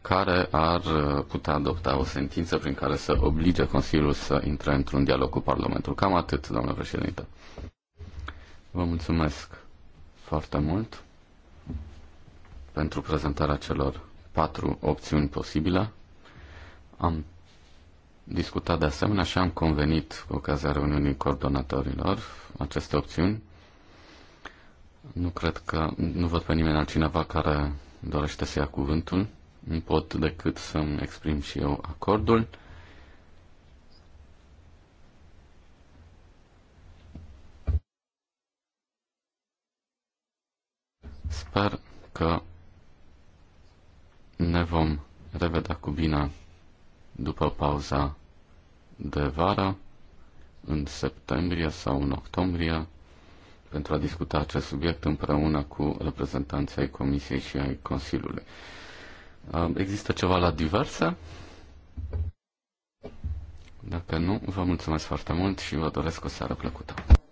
care ar putea adopta o sentință prin care să oblige Consiliul să intre într-un dialog cu Parlamentul. Cam atât, doamnă președinte. Vă mulțumesc foarte mult pentru prezentarea celor patru opțiuni posibile. Am discutat de asemenea și am convenit cu ocazia reuniunii coordonatorilor aceste opțiuni. Nu cred că, nu văd pe nimeni altcineva care dorește să ia cuvântul. Nu pot decât să-mi exprim și eu acordul. Sper că ne vom revedea cu bine după pauza de vară, în septembrie sau în octombrie, pentru a discuta acest subiect împreună cu reprezentanții ai Comisiei și ai Consiliului. Uh, există ceva la diverse? Dacă nu, vă mulțumesc foarte mult și vă doresc o seară plăcută.